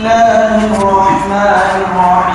الله الرحمن الرحيم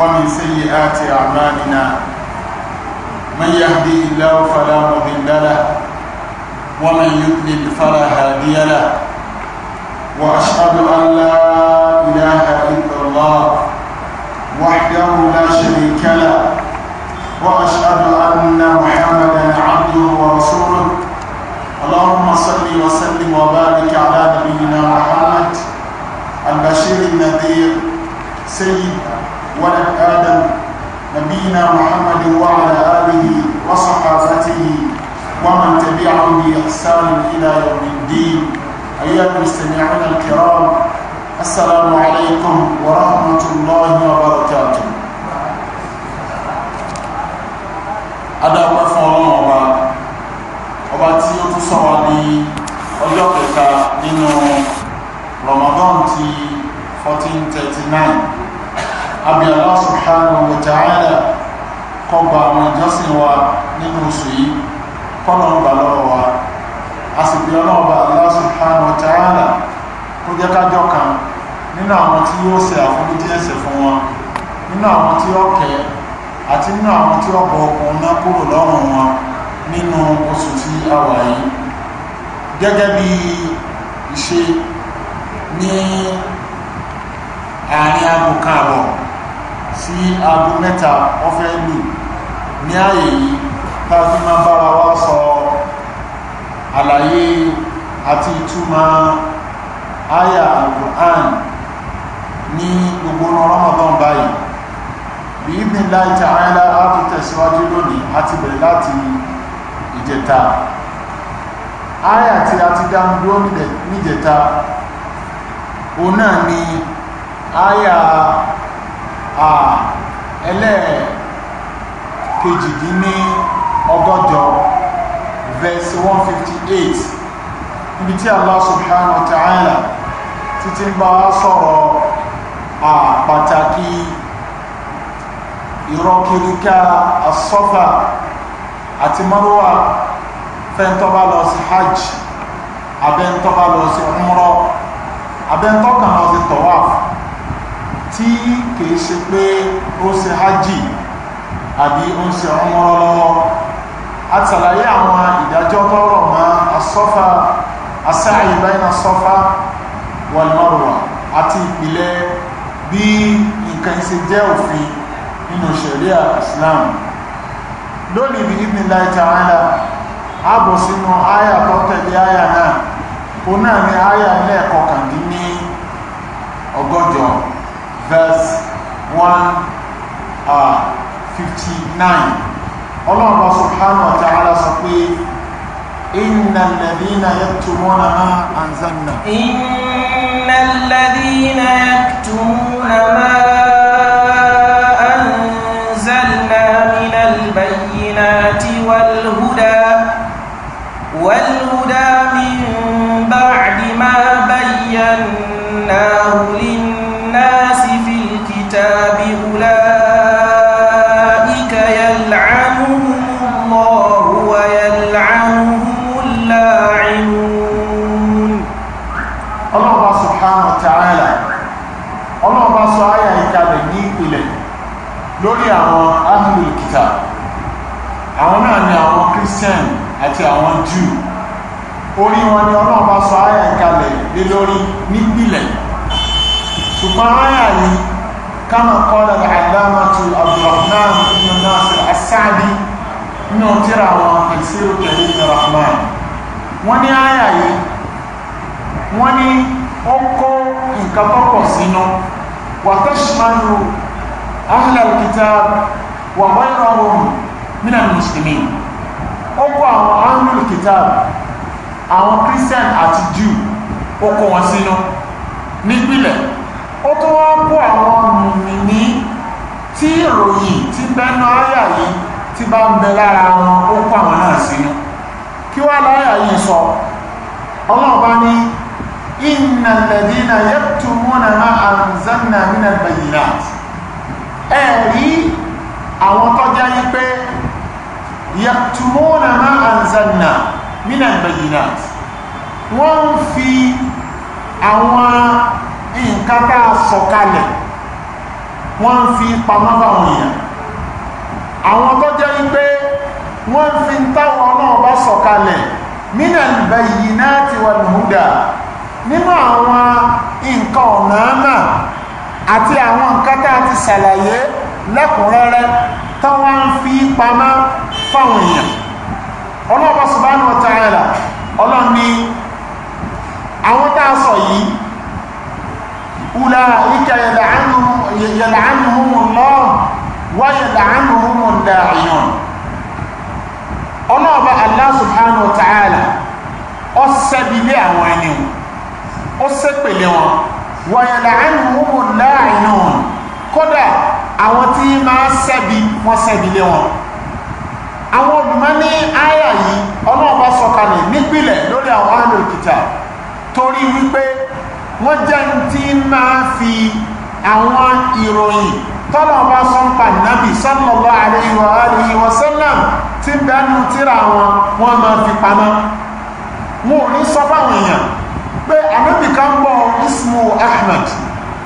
ومن سيئات أعمالنا من يهدي الله فلا مضل له ومن يضلل فلا هادي له وأشهد أن لا إله إلا الله وحده لا شريك له وأشهد أن محمدا عبده ورسوله اللهم صل وسلم وبارك على نبينا محمد وعلى آله وصحابته ومن تبعهم بإحسان إلى يوم الدين أيها المستمعون الكرام السلام عليكم ورحمة الله وبركاته adáwọ̀ fún ọlọ́run ọba ọba tí ó tún sọ ní ọjọ́ kẹta nínú Ramadan ti 1439 abiyallah subhanahu wa ta'ala kọgbà àwọn ìjọsìn wa nínú oṣù yìí kọ́nà ọgbà wa a sì fi ọlọ́ọ̀bà Allah subhanahu wa ta'ala kó jẹ́ kájọ́ kan nínú àwọn tí yóò ṣe àforíjì fún wọn nínú àwọn tí ó kẹ àti nínú àwọn tí ó bọ okùn náà kúrò lọ́rùn nínú oṣù tí a wà yìí ní ààyè yìí tá a fi máa bára wa sọ àlàyé àti ìtumọ̀ àyà alukur'an ní gbogbo Ramadan báyìí bí ibi ńlá ìjà àyànlá á tún tẹ̀síwájú lónìí àti bẹ̀rẹ̀ láti ìjẹta àyà tí a ti dá dúró níjẹta òun náà ni àyà ẹlẹ́ẹ̀ kejìdínní ọgọ́jọ verse 158. fifty tí Allah subhanahu wa ta'ala títí ń bá sọ̀rọ̀ àpàtàkì ìrọkìríkà asọ́fà àti mọ́rúwà fẹ́ntọ́bá lọ sí hajj abẹ́ntọ́bá lọ sí umrọ abẹ́ntọ́kàn lọ sí tọ́wà tí kìí ṣe pé ó ṣe hajj àbí ó ń ṣe ọmọrọ lọ́wọ́ a tàlàyé àwọn ìdájọ́ tọ́rọ̀ mọ́ asọ́fà asáàyè báyìí na sọ́fà wal marwa àti ìpìlẹ̀ bí nǹkan ṣe jẹ́ òfin nínú ṣẹ̀ríà Islam lónìí bí ibi ńlá ta'ala ààbò sínú àyà tó tẹ̀lé àyà náà ó náà ní àyà lẹ́ẹ̀kọkàndín ní ọgọ́jọ verse 1 uh, 59 ọlọ́ọ̀bá subhanahu wa ta'ala sọ pé inna alladhina yaktumuna ma anzalna inna alladhina yaktumuna nínú tíra wọn ìṣirò pẹ̀lú rahman wọ́n ní àyà yìí wọ́n ní ó kó nǹkan tó pọ̀ sínú wàtẹ́sìmánu ahlal kitab wà wọ́n mínà mùsùlùmí ó kó àwọn ahlul kitab àwọn christian àti tó wá kó àwọn mùmìnì tí ìròyìn ti bẹ́nu àyà yìí tí bá ń bẹ lára wọn ó kó àwọn náà sínú kí wá láyà yìí sọ ọlọ́ọ̀bá ní inna alladhina yaktumuna ma anzalna minal bayyinat ẹ̀rí àwọn tó jẹ́ yí pé yaktumuna ma anzalna minal bayyinat wọ́n ń fi àwọn nǹkan tá a sọ̀kalẹ̀ wọ́n ń fi pamọ́ báwọn èèyàn àwọn tó jẹ́ wípé wọ́n fi ń táwọn náà bá sọ̀kalẹ̀ nínà bayyinati wal huda nínú àwọn nǹkan ọ̀nàánà àti àwọn nǹkan tá a ti ṣàlàyé lẹ́kùnrẹ́rẹ́ tó wá ń fi pamọ́ fáwọn èèyàn ọlọ́ọ̀bá subhanahu wa ta'ala ọlọ́ni àwọn tá a sọ yìí ulaika yal'anuhumullah wáyẹ̀dà ánùhùnmù dàáyàn ọlọ́ọ̀bá Allah subhanahu wa ta'ala ọ sẹ́bílé àwọn ẹni ó sẹ́pèlé wọn wáyẹ̀dà ánùhùnmù dàáyàn kódà àwọn tí máa sẹ́bí wọn sẹ́bílé wọn àwọn olùmọ́ ní àyà yìí ọlọ́ọ̀bá sọ̀kalẹ̀ nípìnlẹ̀ lórí àwọn ahlul kitab torí wípé wọ́n jẹ́ ti máa fi àwọn ìròyìn tọ́lọ̀ bá sọ́npa nàbì sallallahu alaihi wa alihi wa sallam tí bẹ́nu tíra wọn wọ́n máa fi pamọ́ wọn ò ní sọ fáwọn èèyàn pé ànábì kan bọ̀ ismu ahmed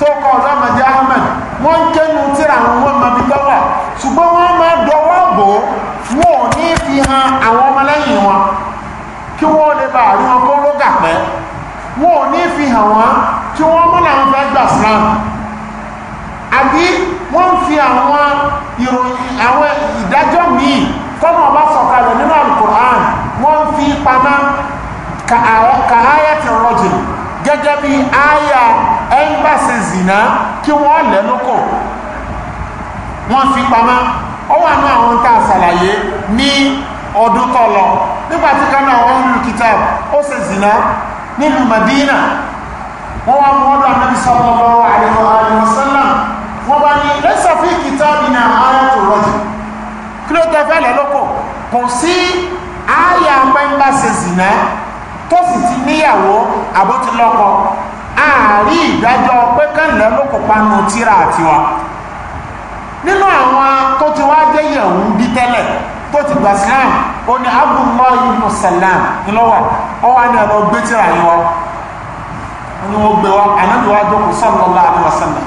tó kọ ọ̀dọ́mọdé ahmed wọ́n ń kẹ́nu tíra wọn wọ́n máa fi tọ́wọ̀ ṣùgbọ́n wọ́n máa dọwọ́ bò wọn ò ní fi han àwọn ọmọlẹ́yìn wọn kí wọ́n lè bá àrí wọn kó lóga pẹ́ wọn ní fi hàn wọn kí wọ́n mọ́ làwọn fẹ́ gbà sílámù àbí wọ́n fi àwọn ìdájọ́ míì ọba sọ̀kalẹ̀ nínú alukur'an wọ́n fi pamá ka aya ti rọ̀jì gẹ́gẹ́ bí aya ẹ́mbàsì zìnà kí wọ́n lẹ́nu wọ́n fi pamá ó wà ní àwọn tá a ní ọdún nígbàtí wọ́n lù kìtà ó ṣe zìnà Madina wọ́n wá mú ọdún wọ́n bá ní lẹ́sà fi kitabina ayatu rajm kí ló tẹ́fẹ́ lẹ́ lọ́kọ̀ kò sí àyà pẹ́ńbà ṣe zìnà tó sì ti níyàwó àbótí lọ́kọ ààrí ìdájọ́ pé kẹ́lẹ́ lọ́kọ̀ panu tíra àtiwa nínú àwọn tó ti wá jẹ́ yẹ̀wù bí tẹ́lẹ̀ tó ti gbà Islam ó ní Abdullahi ibn Salam ńlọ́wọ́ ó wá ní ọ̀rọ̀ gbé tíra yìí wọ́n ni wọ́n gbé wọn ànábìwájú kò sallallahu alaihi wasallam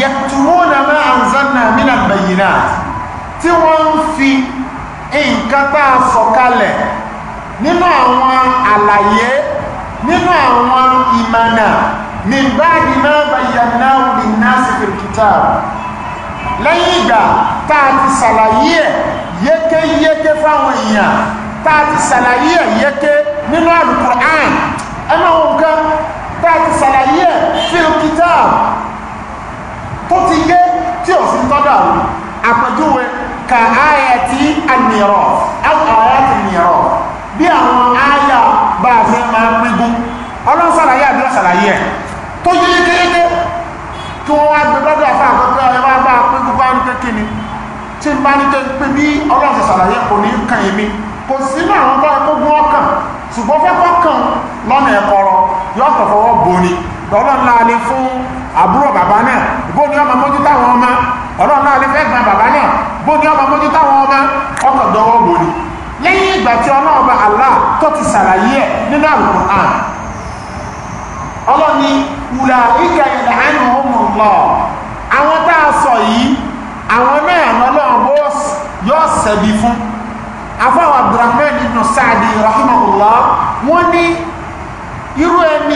yẹtùmúnà máa anzalna minal bayyinat tí wọ́n ń fi nǹkan tá a sọ̀kalẹ̀ nínú àwọn àlàyé nínú àwọn ìmànà min ba'di ma bayyanahu linnasi fil kitab lẹ́yìn ìgbà tá a ti ṣàlàyé ẹ̀ yékéyéké fáwọn èèyàn tá a ti ṣàlàyé ẹ̀ yéké nínú al ẹ̀mọ̀ nǹkan tá ti ṣàlàyé ẹ̀ fil kitab tó ti yé tí ò sí tọ́dọ̀ àwọn àpèjúwe ka àyà tí a nìrọ̀ àyà ti nìrọ̀ bí àwọn àyà bá a fi máa pígun ọlọ́run sàlàyé àbí ọ̀sàlàyé ẹ̀ tó yé yékéyéké kí wọ́n wá gbé lọ́dọ̀ àfa àkọ́kọ́ ẹ wá bá a pígun bá ń kékeré ni tí n bá ní tó pé bí ọlọ́run sàlàyé kò ní kàn yé mi kò sí ní àwọn bá kó gún ọkàn ṣùgbọ́n fẹ́ kọ́ lọ́nà ẹ̀kọ́rọ̀ yọ ọ̀tọ̀ bò ni lọ́lọ́ńlá ni fún àbúrò bàbá náà bó ni ọmọ mójú táwọn ọmọ ọlọ́run náà lè fẹ́ gbọ́n bàbá náà bó ni ọmọ mójú táwọn ọmọ ọkọ̀ dọwọ́ bò ni lẹ́yìn ìgbà tí ọlọ́ọ̀bà Allah tó ti sàlàyé ẹ̀ nínú Al-Qur'an ọlọ́ni wùlà ìkà ìlà ẹnu ọmọ lọ àwọn tá a sọ yìí àwọn náà lọ́lọ́ọ̀bọ yóò sẹ̀bi fún afáwọn Abdurrahman ibn Sa'di rahimahullah wọ́n ní irú ẹni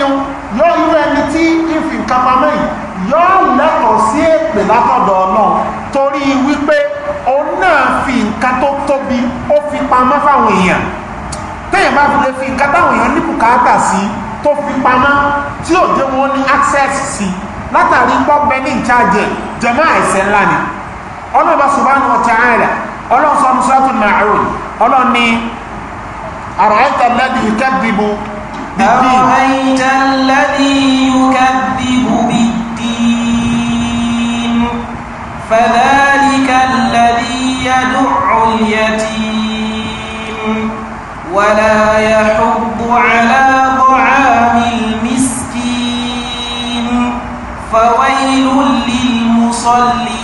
yóò irú ẹni nǹkan pamọ́ yìí yóò lẹ́tọ̀ọ́ sí èpè látọ̀dọ̀ ọlọ́run torí wípé òun náà fi nǹkan tó tóbi ó fi pamọ́ fáwọn èèyàn téèyàn bá fi lè fi nǹkan táwọn èèyàn ní bùkátà sí tó fi pamọ́ tí ò dé wọn ní access sí látàrí pọ́gbẹ́ ní ìcháàjẹ jẹ̀mọ́ ẹ̀ṣẹ̀ ńlá ni ọlọ́ba subhanahu wa ta'ala ọlọ́sọ̀nù sọ́tún ma'rún ọlọ́ni àràyíkà lẹ́bi ìkẹ́bìbù أرأيت الذي يكذب بالدين فذلك الذي يدع اليتيم ولا يحض على طعام المسكين فويل للمصلين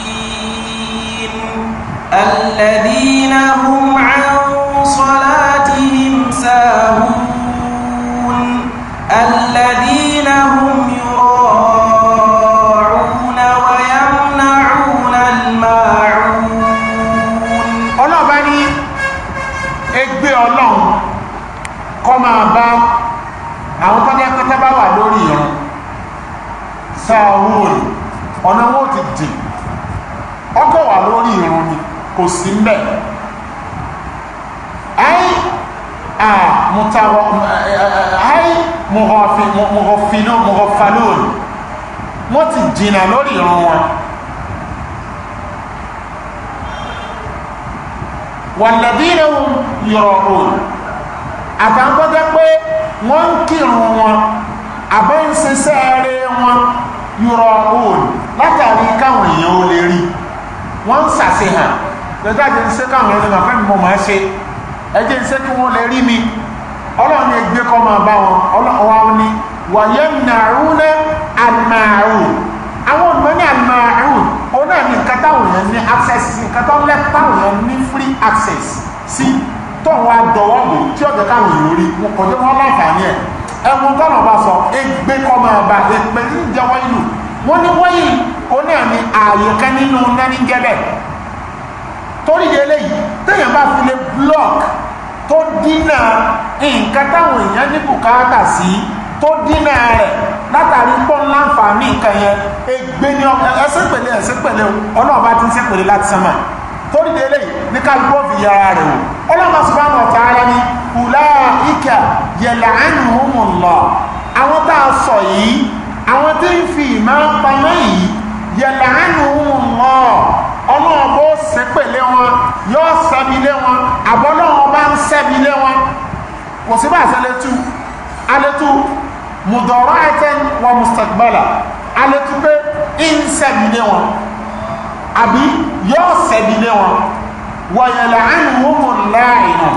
الذين هم عن صلاتهم ساهون الذين هم يراعون ويمنعون الماعون ọlọ́ba ní ẹgbẹ́ ọlọ́run kọ́ máa bá àwọn tó ní ẹkẹtẹ bá wà lórí ìran sáà owó rẹ̀ ọ̀nà kò sí mbẹ̀ ayé àmútawọ̀ ayé mọ̀họ̀fínà mọ̀họ̀fánóòn wọ́n ti jìnà lórí ìran wọn wàlẹ̀dínà yọ̀rọ̀ òun àtàkọ́jẹ́ pé wọ́n ń kírun wọn àbẹ́ ń ṣiṣẹ́ eré wọn yọ̀rọ̀ òun látàrí káwọn èèyàn ó lè rí wọ́n ń ṣàṣehàn lọ́jọ́ àjẹ́ ń ṣe káwọn ènìyàn fẹ́ ṣe ẹjẹ́ ń ṣe kí wọ́n lè rí mi ọlọ́run ní ẹgbẹ́ kọ́ máa bá wọn ọlọ́run ní wàyẹ́ nàrúnà àmàrù àwọn ọmọ ní àmàrù òun náà ní nǹkan táwọn èèyàn ní access sí nǹkan tó lẹ́ táwọn èèyàn ní free access sí tóun wá dọwọ́ bò tí ọ̀gá káwọn èèyàn rí wọn kọjá wọn láǹfààní ẹ̀ ẹ̀wọ̀n tọ́nà bá sọ ẹgbẹ́ kọ́ máa bá ẹgbẹ́ ní ìjẹwọ́ ìlú wọ́n ní wọ́n yìí òun náà ní ààyè kan nínú nání gẹ́bẹ̀ torí eléyìí téèyàn bá fi lè block tó dínà nǹkan táwọn èèyàn ní bùkátà sí tó dínà rẹ̀ látàrí pọ́n láǹfààní nǹkan yẹn egbe ní ẹsẹ̀ pẹ̀lẹ́ ẹsẹ̀ pẹ̀lẹ́ ọlọ́run bá ti ń ṣe pẹ̀lẹ́ láti sánmà torí délé ní kálukú fi yára rẹ̀ wò ọlọ́run subhanahu wa ta'ala ni ulaika yal'anuhumullah àwọn tá a sọ yìí àwọn tí ń fi ìmọ̀ pamọ́ yìí yal'anuhumullah ọlọ́run bó ṣe pẹ̀lẹ́ wọn yóò sẹ́bi lé wọn àbọ̀lọ́run bá ń sẹ́bi lé wọn kò sí bá a ṣe lè tú a lè tú mùdọ̀rọ̀ àìtẹ́n wa mustaqbala a lè tú pé ń sẹ̀bi ní wọn àbí yóò sẹ̀bi ní wọn wọ̀nyẹ̀lẹ̀ àìníwòmù láàrínà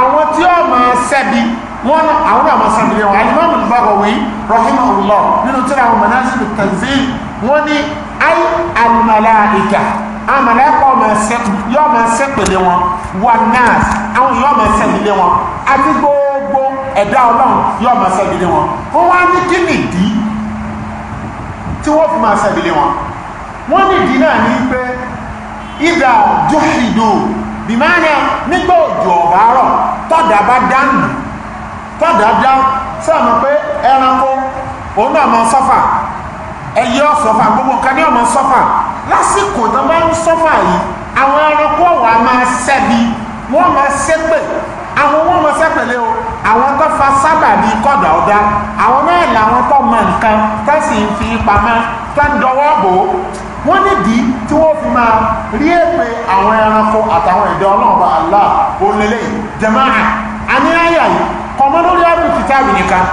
àwọn tí ó máa sẹ̀bi wọn àwọn àmọ́ sẹ̀bi ní wọn alimami Bagawi rahimahullah nínú tí amalẹ́kọ̀ ọmọ ẹsẹ̀ yọ ọmọ ẹsẹ̀ pèlè wọn wà nurse àwọn yọ ọmọ ẹsẹ̀ lílé wọn àti gbogbo ẹ̀dá ọlọ́run yọ ọmọ ẹsẹ̀ lílé wọn wọ́n wá ní kí nìdí tí wọ́n fi máa sẹ̀lẹ̀ wọn wọ́n nìdí náà ní pé ìdá jùhìdò bí máa ní nígbà òjò ọ̀bá rọ̀ tọ́dà bá dánù tọ́dà dá sọ́ọ̀mù pé ẹranko òun náà máa sọ́fà ẹyẹ ọ̀sọ̀fà gbogbo nǹkan ní ọmọ sọ́fà lásìkò tó bá ń sọ́fà yìí àwọn ẹranko ọ̀wà máa ṣẹ́bi wọ́n máa ṣépè àwọn wọ́n máa ṣépèlé o àwọn tó fa sábà bí kọ̀dà ọ̀dá àwọn náà làwọn tó mọ nǹkan tó sì ń fi pamọ́ tó ń dọwọ́ bò ó wọ́n nídìí tí wọ́n fi máa rí èpè àwọn ẹranko àtàwọn ìdá ọlọ́run bá Allah òun lélẹ́yìn jẹ̀máà àní àyà yìí kọ̀mọ́ lórí àrùn kìtàbì nìkan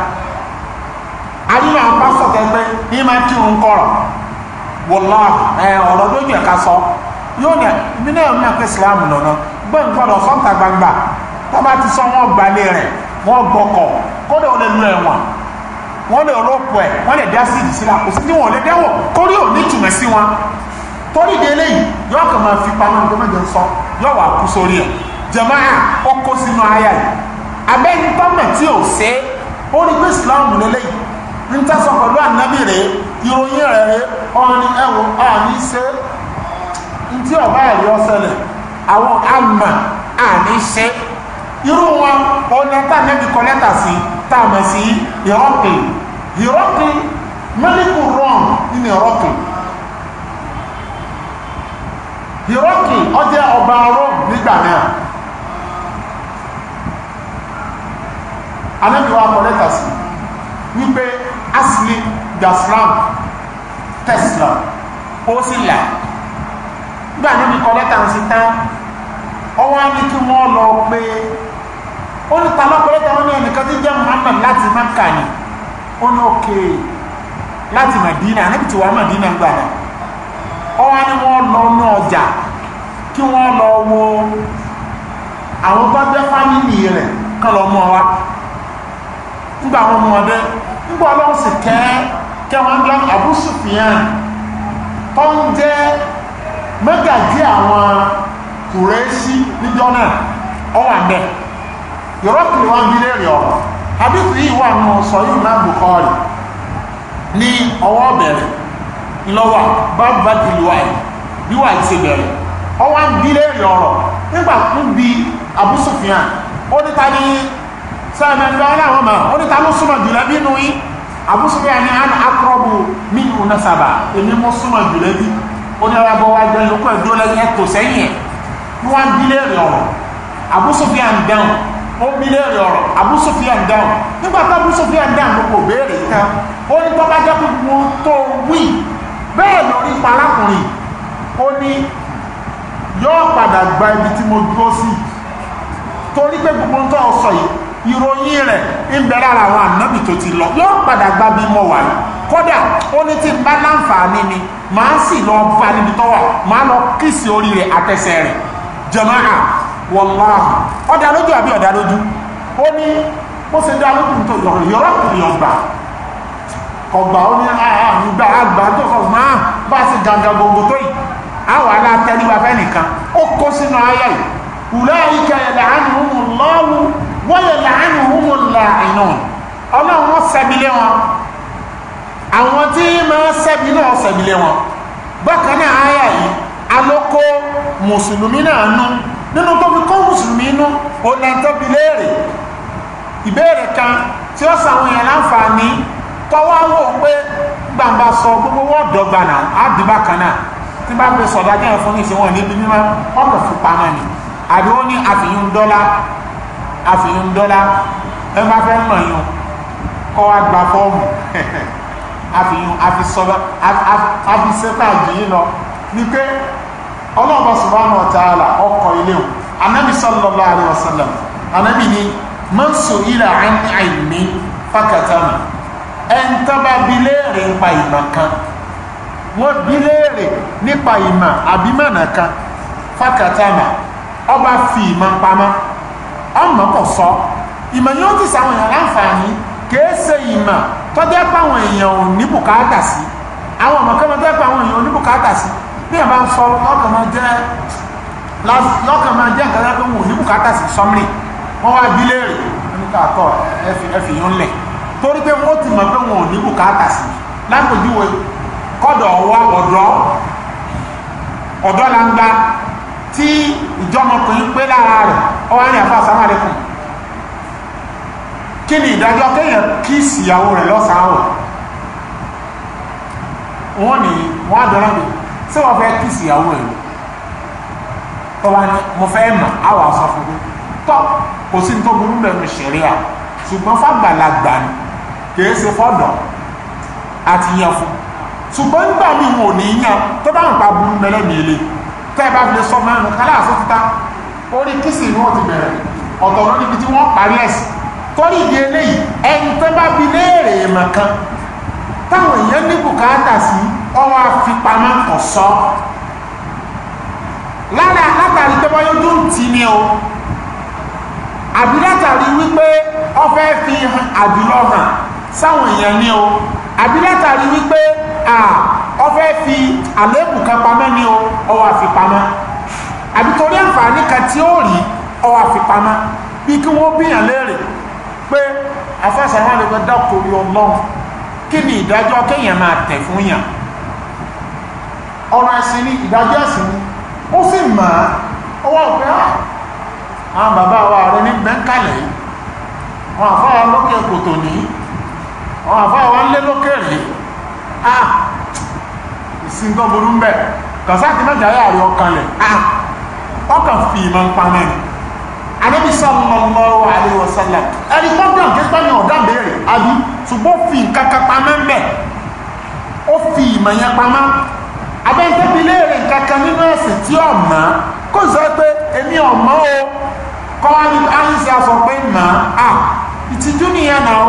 àdínú àwọn pásítọ̀ tẹgbẹ́ ní máa tí òun kọ̀rọ̀ wòlá ọ̀rọ̀ lójú ẹ̀ka sọ yóò ní nínú ẹ̀rọ náà pé ìsìláàmù lọ́nà gbọ́n gbọ́dọ̀ sọ́ǹtà gbangba tó bá ti sọ wọ́n gbalẹ̀ rẹ̀ wọ́n gbọ́kọ̀ kódà ó lè lu ẹ̀wọ̀n wọ́n lè rọ́pò ẹ̀ wọ́n lè dá síìdì sílá kò sí tí wọ́n lè dẹ́wọ̀ torí ò ní jùmọ̀ sí wọn torí délé yìí yóò kàn máa fi pamọ́ nígbà mẹ́jọ sọ yóò wà kú sórí ẹ̀ jẹ̀mọ́ à ó kó sínú ayá yìí abẹ́yìn tọ́mọ̀ tí ò sé ó ní pé ìsìláàmù lélẹ́yìí ń tẹ́sán pẹ̀lú ànábì rẹ̀ ìròyìn rẹ̀ rẹ̀ ọ̀ni ẹ̀wọ̀n àní ṣe ń tí ọ̀bá ẹ̀rí ọ̀sẹ̀lẹ̀ àwọn àmà àní ṣe irú wọn ọ̀nà tàbí kọ́lẹ́tà sí tààmà sí ìrọ́pì ìrọ́pì mẹ́lìkù rọ̀n nínú ìrọ́pì ìrọ́pì ọjẹ́ ọba rome nígbà náà anábì wa kọ́lẹ́tà sí wípé muslim daslam tesla ó sì là gbà níbi kọ́lẹ́tà ń sin tán ọwọ́ á ní kí wọ́n lọ pé ó ní ta lọ́kọ́lẹ́tà wọn ní ẹnìkan tí jẹ́ muhammad láti maka ni ó ní òkè láti madina níbi tí wàá madina gbà náà ọwọ́ á ní wọ́n lọ ní ọjà kí wọ́n lọ wo àwọn bá fámìlì rẹ̀ kán lọ mọ́ wa nígbà wọn mọ́ ọdẹ ńgbọ́ ọlọ́run sì kẹ́ kẹwọn ńlá Abu Sufyan tó ń jẹ́ mẹ́gàjí àwọn kùrẹ́sì níjọ́ náà ọwà bẹ́ yọ̀rọ̀kùnrin wọn bí lẹ́rìn ọ̀rọ̀ àbíkù yìí wà nù sọ yìí náà Bukhari ní ọwọ́ bẹ̀rẹ̀ ńlọ́wà bàbá tìlúwà bí wà ti bẹ̀rẹ̀ ọwọ́ ń bí lẹ́rìn ọ̀rọ̀ nígbà kún bí Abu Sufyan ó sáàmì ẹgbẹ́ ọlọ́wọ́n ma ó ní ta ló súnmọ̀ jùlọ bí nù yín àbúṣúgbé àní àná akọrọ̀bù mí ìhùn náà sábà èmi mú súnmọ̀ jùlọ bí ó ní ọlọ́bọ̀ wá jẹ́ lókọ̀ ẹ̀dúró lẹ́yìn ẹ̀tọ́ sẹ́yìn ẹ̀ ní wọ́n bílé rẹ̀ ọ̀rọ̀ àbúṣúgbé à ń dáhùn ó bílé rẹ̀ ọ̀rọ̀ àbúṣúgbé à ń dáhùn nígbà tó àbúṣúgbé à ń dáhùn ló kò béèrè tán ó ní tó bá jẹ́ gbogbo tó wí bẹ́ẹ̀ lórí palákùnrin ó ní yóò padà gba ibi tí mo dúró sí torí pé gbogbo ń tọ́ ọ sọ yìí ìròyìn rẹ̀ ń bẹ lára àwọn ànábì tó ti lọ yóò padà gba bí mọ wà yìí kódà ó ní tí bá láǹfààní ni màá sì lọ bá níbi tọ́wà màá lọ kíìsì orí rẹ̀ àtẹsẹ̀ rẹ̀ jama'a wallahi ọ̀dà lójú àbí ọ̀dà lójú ó ní bó ṣe dá lójú tó yọ̀rọ̀ kìlìyàn gbà ọgbà ó ní àgbà ah, ah, àgbà tó sọ máa ah, bá sí gangan gbogbo tó yìí àwọn alátẹríwá fẹ́ nìkan ó kó sínú ayé yìí ulaika yal'anuhumullahu wọ́yẹ̀ láàánú húnmọ̀ láàánú ọlọ́run wọ́n sẹ́bílé wọn àwọn tí máa sẹ́bí náà sẹ́bílé wọn bákan náà àyà yìí alókó mùsùlùmí náà nú nínú tó fi kó mùsùlùmí nú ó náà tó fi léèrè ìbéèrè kan tí ó sàwọn èèyàn láǹfààní tọwọ́ wò pé gbàǹbà sọ gbogbo wọ́n dọ́gba náà á dì bákan náà tí bá fi sọ̀dájọ́ fún ìṣẹ́wọ̀n níbi mímọ́ ọkọ̀ fipamọ́ ni àbí ní àfihàn dọ́là àfihàn dọ́là ẹ má fẹ́ mọ̀ yàn kọ́ wa gba fọ́ọ̀mù àfihàn àfisọ́lọ́ àfisẹ́pẹ́ àjèyí lọ ni pé ọlọ́ọ̀bọ subhanahu wa ta'ala ọkọ̀ ilé o anabi sallallahu alayhi wa anabi ni man su'ila an ilmi fakatama ẹ̀ńtọ́ba bi léèrè nípa ìmọ̀ kan wọ́n bi léèrè nípa ìmọ̀ àbí mọ̀nà kan fakatama ọba fi ìmọ̀ pamọ́ ọmọ kò sọ ìmọ̀ yóò ti sàwọn èèyàn láǹfààní kìí ṣe ìmọ̀ tọ́jú ẹ̀pọ̀ àwọn èèyàn ò ní bùkátà sí àwọn ọmọ kẹ́mọ́ tọ́jú ẹ̀pọ̀ àwọn èèyàn ò ní bùkátà sí bí ẹ̀ bá ń sọ lọ́kàn máa jẹ́ lọ́kàn máa jẹ́ nǹkan tọ́jú wọn ò ní bùkátà sí sọ́mìlì wọ́n wá bí léèrè nípa àtọ̀ ẹ̀fì yóò lẹ̀ torí pé wọ́n ti mọ̀ pé wọn ò ní bùkátà sí lápòjúwe kọ́dọ̀ ọwọ́ ọ̀dọ́ ọ̀dọ́ la ń gba tí ìjọmọkùnrin pé lára rẹ̀ ọwọ́ ní àfáà sáwọn àdékùn kí ni ìdájọ́ kéèyàn kí ìsìyàwó rẹ̀ lọ́sàn-án wọ̀ wọ́n ní wọ́n á dọ́rọ́ mi ṣé wọ́n fẹ́ kí ìsìyàwó rẹ̀ lọ ọba ní mo fẹ́ mọ̀ àwọn aṣọ fún mi tọ́ kò sí ní tó burú lẹ́nu ṣẹ̀ríà ṣùgbọ́n fàgbàlagbà ni kìí ṣe fọ́dọ̀ àti yan fún ṣùgbọ́n nígbà mi wò ní yan tó bá ń pa burú mẹ́lẹ́mìí lé tẹ́ bá fi lè sọ mẹ́rin kálá àṣọ títa orí kìsì ni wọ́n ti bẹ̀rẹ̀ ọ̀tọ̀ lórí ibi tí wọ́n parí ẹ̀sìn torí ìdí eléyìí ẹni tó bá fi léèrè èèmọ̀ kan táwọn èèyàn ní bùkátà sí ọwọ́ afipamọ́ kò sọ lára látàrí tó bá yójú ń tì ní o àbí látàrí wípé ọfẹ́ fi àdúrà hàn sáwọn èèyàn ní o àbí látàrí wípé ọfẹ́ fi àlébù kan pamọ́ ní o ọwọ́ afipamọ́ àbí torí àǹfààní kan tí ó rí ọ àfipamọ́ bí kí wọ́n bíyàn léèrè pé afásàwọn lè gbọ́dọ̀ torí ọlọ́run kí ni ìdájọ́ kéèyàn máa tẹ̀ fún yàn ọ̀rọ̀ ẹ̀sìn ni ìdájọ́ ẹ̀sìn ó sì mọ̀ ó wà pé ah, àwọn bàbá wa rẹ ní bẹ́ńkàlẹ̀ yìí wọn àfáà lókè kòtò nìyí wọn àfáà wa ń lé lókè lè ah ìsìn tó burú ń bẹ̀ kàsáàtì mẹ́ta yà rí ọkàn ọkàn fi ìmọ̀ ń pa náà anabi sallallahu alayhi wa sallam ẹni kọ́ńtà kẹsíkà ni ọ̀dà béèrè àbí ṣùgbọ́n fi nǹkan kan pamọ́ ń bẹ̀ ó fi ìmọ̀ yẹn pamọ́ abẹ́ntẹ́bi léèrè nǹkan kan nínú ẹ̀sìn tí ọ̀ mọ́ kó sọ pé èmi ọ̀ mọ́ o kọ́ ánìsí aṣọ pé mọ́ a ìtìjú nìyẹn náà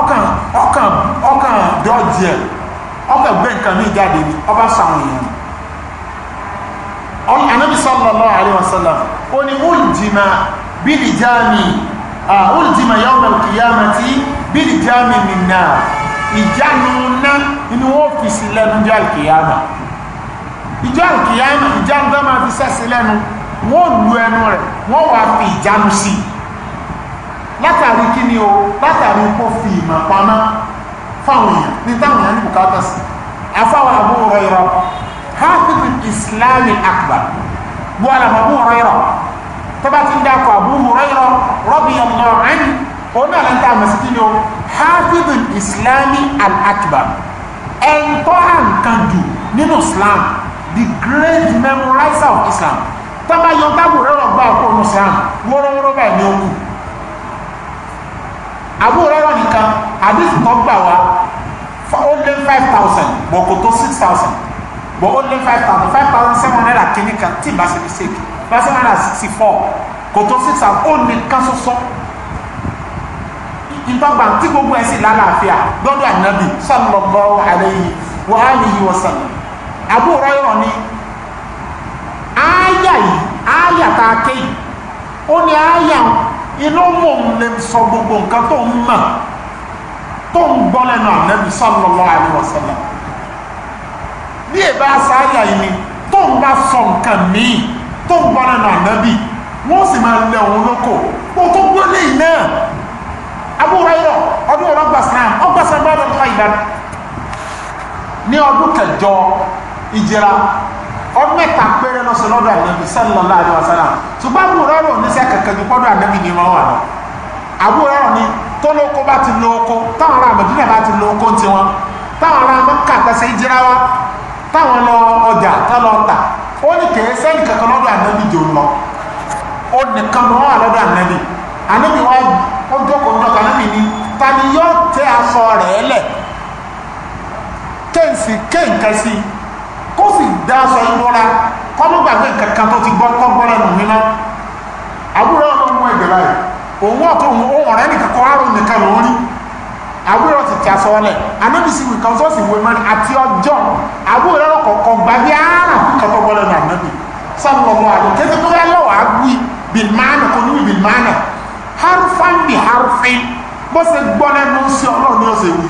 ọkàn ọkàn ọkàn dọ́ọ̀jì ẹ̀ ọkàn gbé nǹkan ní ìjáde ọba sàwọn èèyàn anábì sallallahu alaihi wasallam ó ní uljima bílì jáàmì uljima yawma al-qiyamati bílì jáàmì nìna ìjánu ná inú wọ́n fi sí lẹ́nu jẹ́ alkiyama ìjọ alkiyama ìjánu tó máa fi sẹ́sí lẹ́nu wọ́n lu ẹnu rẹ̀ wọ́n wà fi ìjánu sí látàrí kí ni hafiz islam akbar bu alama abu hurayra tó bá ti ń dákọ̀ abu hurayra radiyallahu anhu òun náà lẹ́ńtà mẹ́sìkìlì o hafiz islam akbar ẹ̀ńtọ́ àǹkan jù nínú islam the great memorizer of islam tó bá yọ tábù rẹ́rọ̀ gbá ọkọ̀ ọ̀nà islam wọ́rọ́wọ́rọ́ báyìí ni ó kù abu hurayra nìkan àdéhùn tó gbà wá ó lé five thousand bọ̀kọ̀ tó six thousand but ó lé five thousand five thousand seven hundred and kìíní kan tí ìbá ṣe mistake five seven hundred and sixty four kò tó six thousand ó ní kan ṣoṣo ntọ́gbà tí gbogbo ẹ̀ sì donc gbọ́dọ̀ ànábì sallallahu alayhi wa alihi wa sallam Abu Hurairah ni ááyà yìí ááyà tá a ké yìí ó ní ááyà inú mò ń lè sọ gbogbo nǹkan tó ń mọ̀ tó ń gbọ́ lẹ́nu ànábì sallallahu alayhi wa sallam bí èbá sáyà ìní tó ń bá sọ nǹkan míì tó ń bá nánà ànábì wọ́n sì máa lẹ òun lóko kó tó gbé lè náà abúrò ayọ̀ ọdún ọ̀rọ̀ gbàsán ọgbàsán bá lọ́dún àìdá ní ọdún kẹjọ ìjìra ọdún mẹ́ta péré lọ́sọ̀ lọ́dọ̀ ànábì sallallahu alaihi wasallam ṣùgbọ́n abúrò ayọ̀ oníṣẹ́ kẹkẹ ju kọ́dọ̀ ànábì ní wọn wà lọ abúrò ayọ̀ ni tọ́lọ́kọ́ bá ti lọ́kọ́ táwọn ará àmọ̀dúnrẹ́ bá ti lọ́kọ́ tiwọn táwọn ará mọ́kà tẹ̀sẹ̀ ìjìra wa táwọn lọ ọjà tá lọ tà ó ní kèé sẹ́ni kankan lọ́dọ̀ ànábì jò ń lọ ó nìkan lọ wà lọ́dọ̀ ànábì ànábì wọn ó jókòó ń dọ̀kọ̀ ànábì ni ta ni yóò tẹ aṣọ rẹ̀ lẹ̀ kéǹsì kéǹkan sí kó sì dá aṣọ ìbora kọ́mọ́gbàgbé kankan tó ti gbọ́ kọ́gbọ́rẹ́ nù níná àbúrò ọ̀rọ̀ ọmọ ẹ̀gbẹ̀ báyìí òun ọ̀tọ̀ òun ọ̀rẹ́ nìkan kọ́ àrùn nìkan lòún rí àbúrò sì ti aṣọ ọlẹ̀ anábì sì wí kan sọ́ọ̀sì ìwé mọ́ni àti ọjọ́ àbúrò lọ́rọ̀ kọ̀ọ̀kan gbà bí ààrùn kọ́tọ́ gbọ́dọ̀ nà nábì sallallahu alaihi kẹ́sẹ́ tó yálọ̀ wá wí bìlmánà kò ní wí bìlmánà harfan bi harfin bó ṣe gbọ́ lẹ́nu sí ọlọ́run ni ó ṣe wí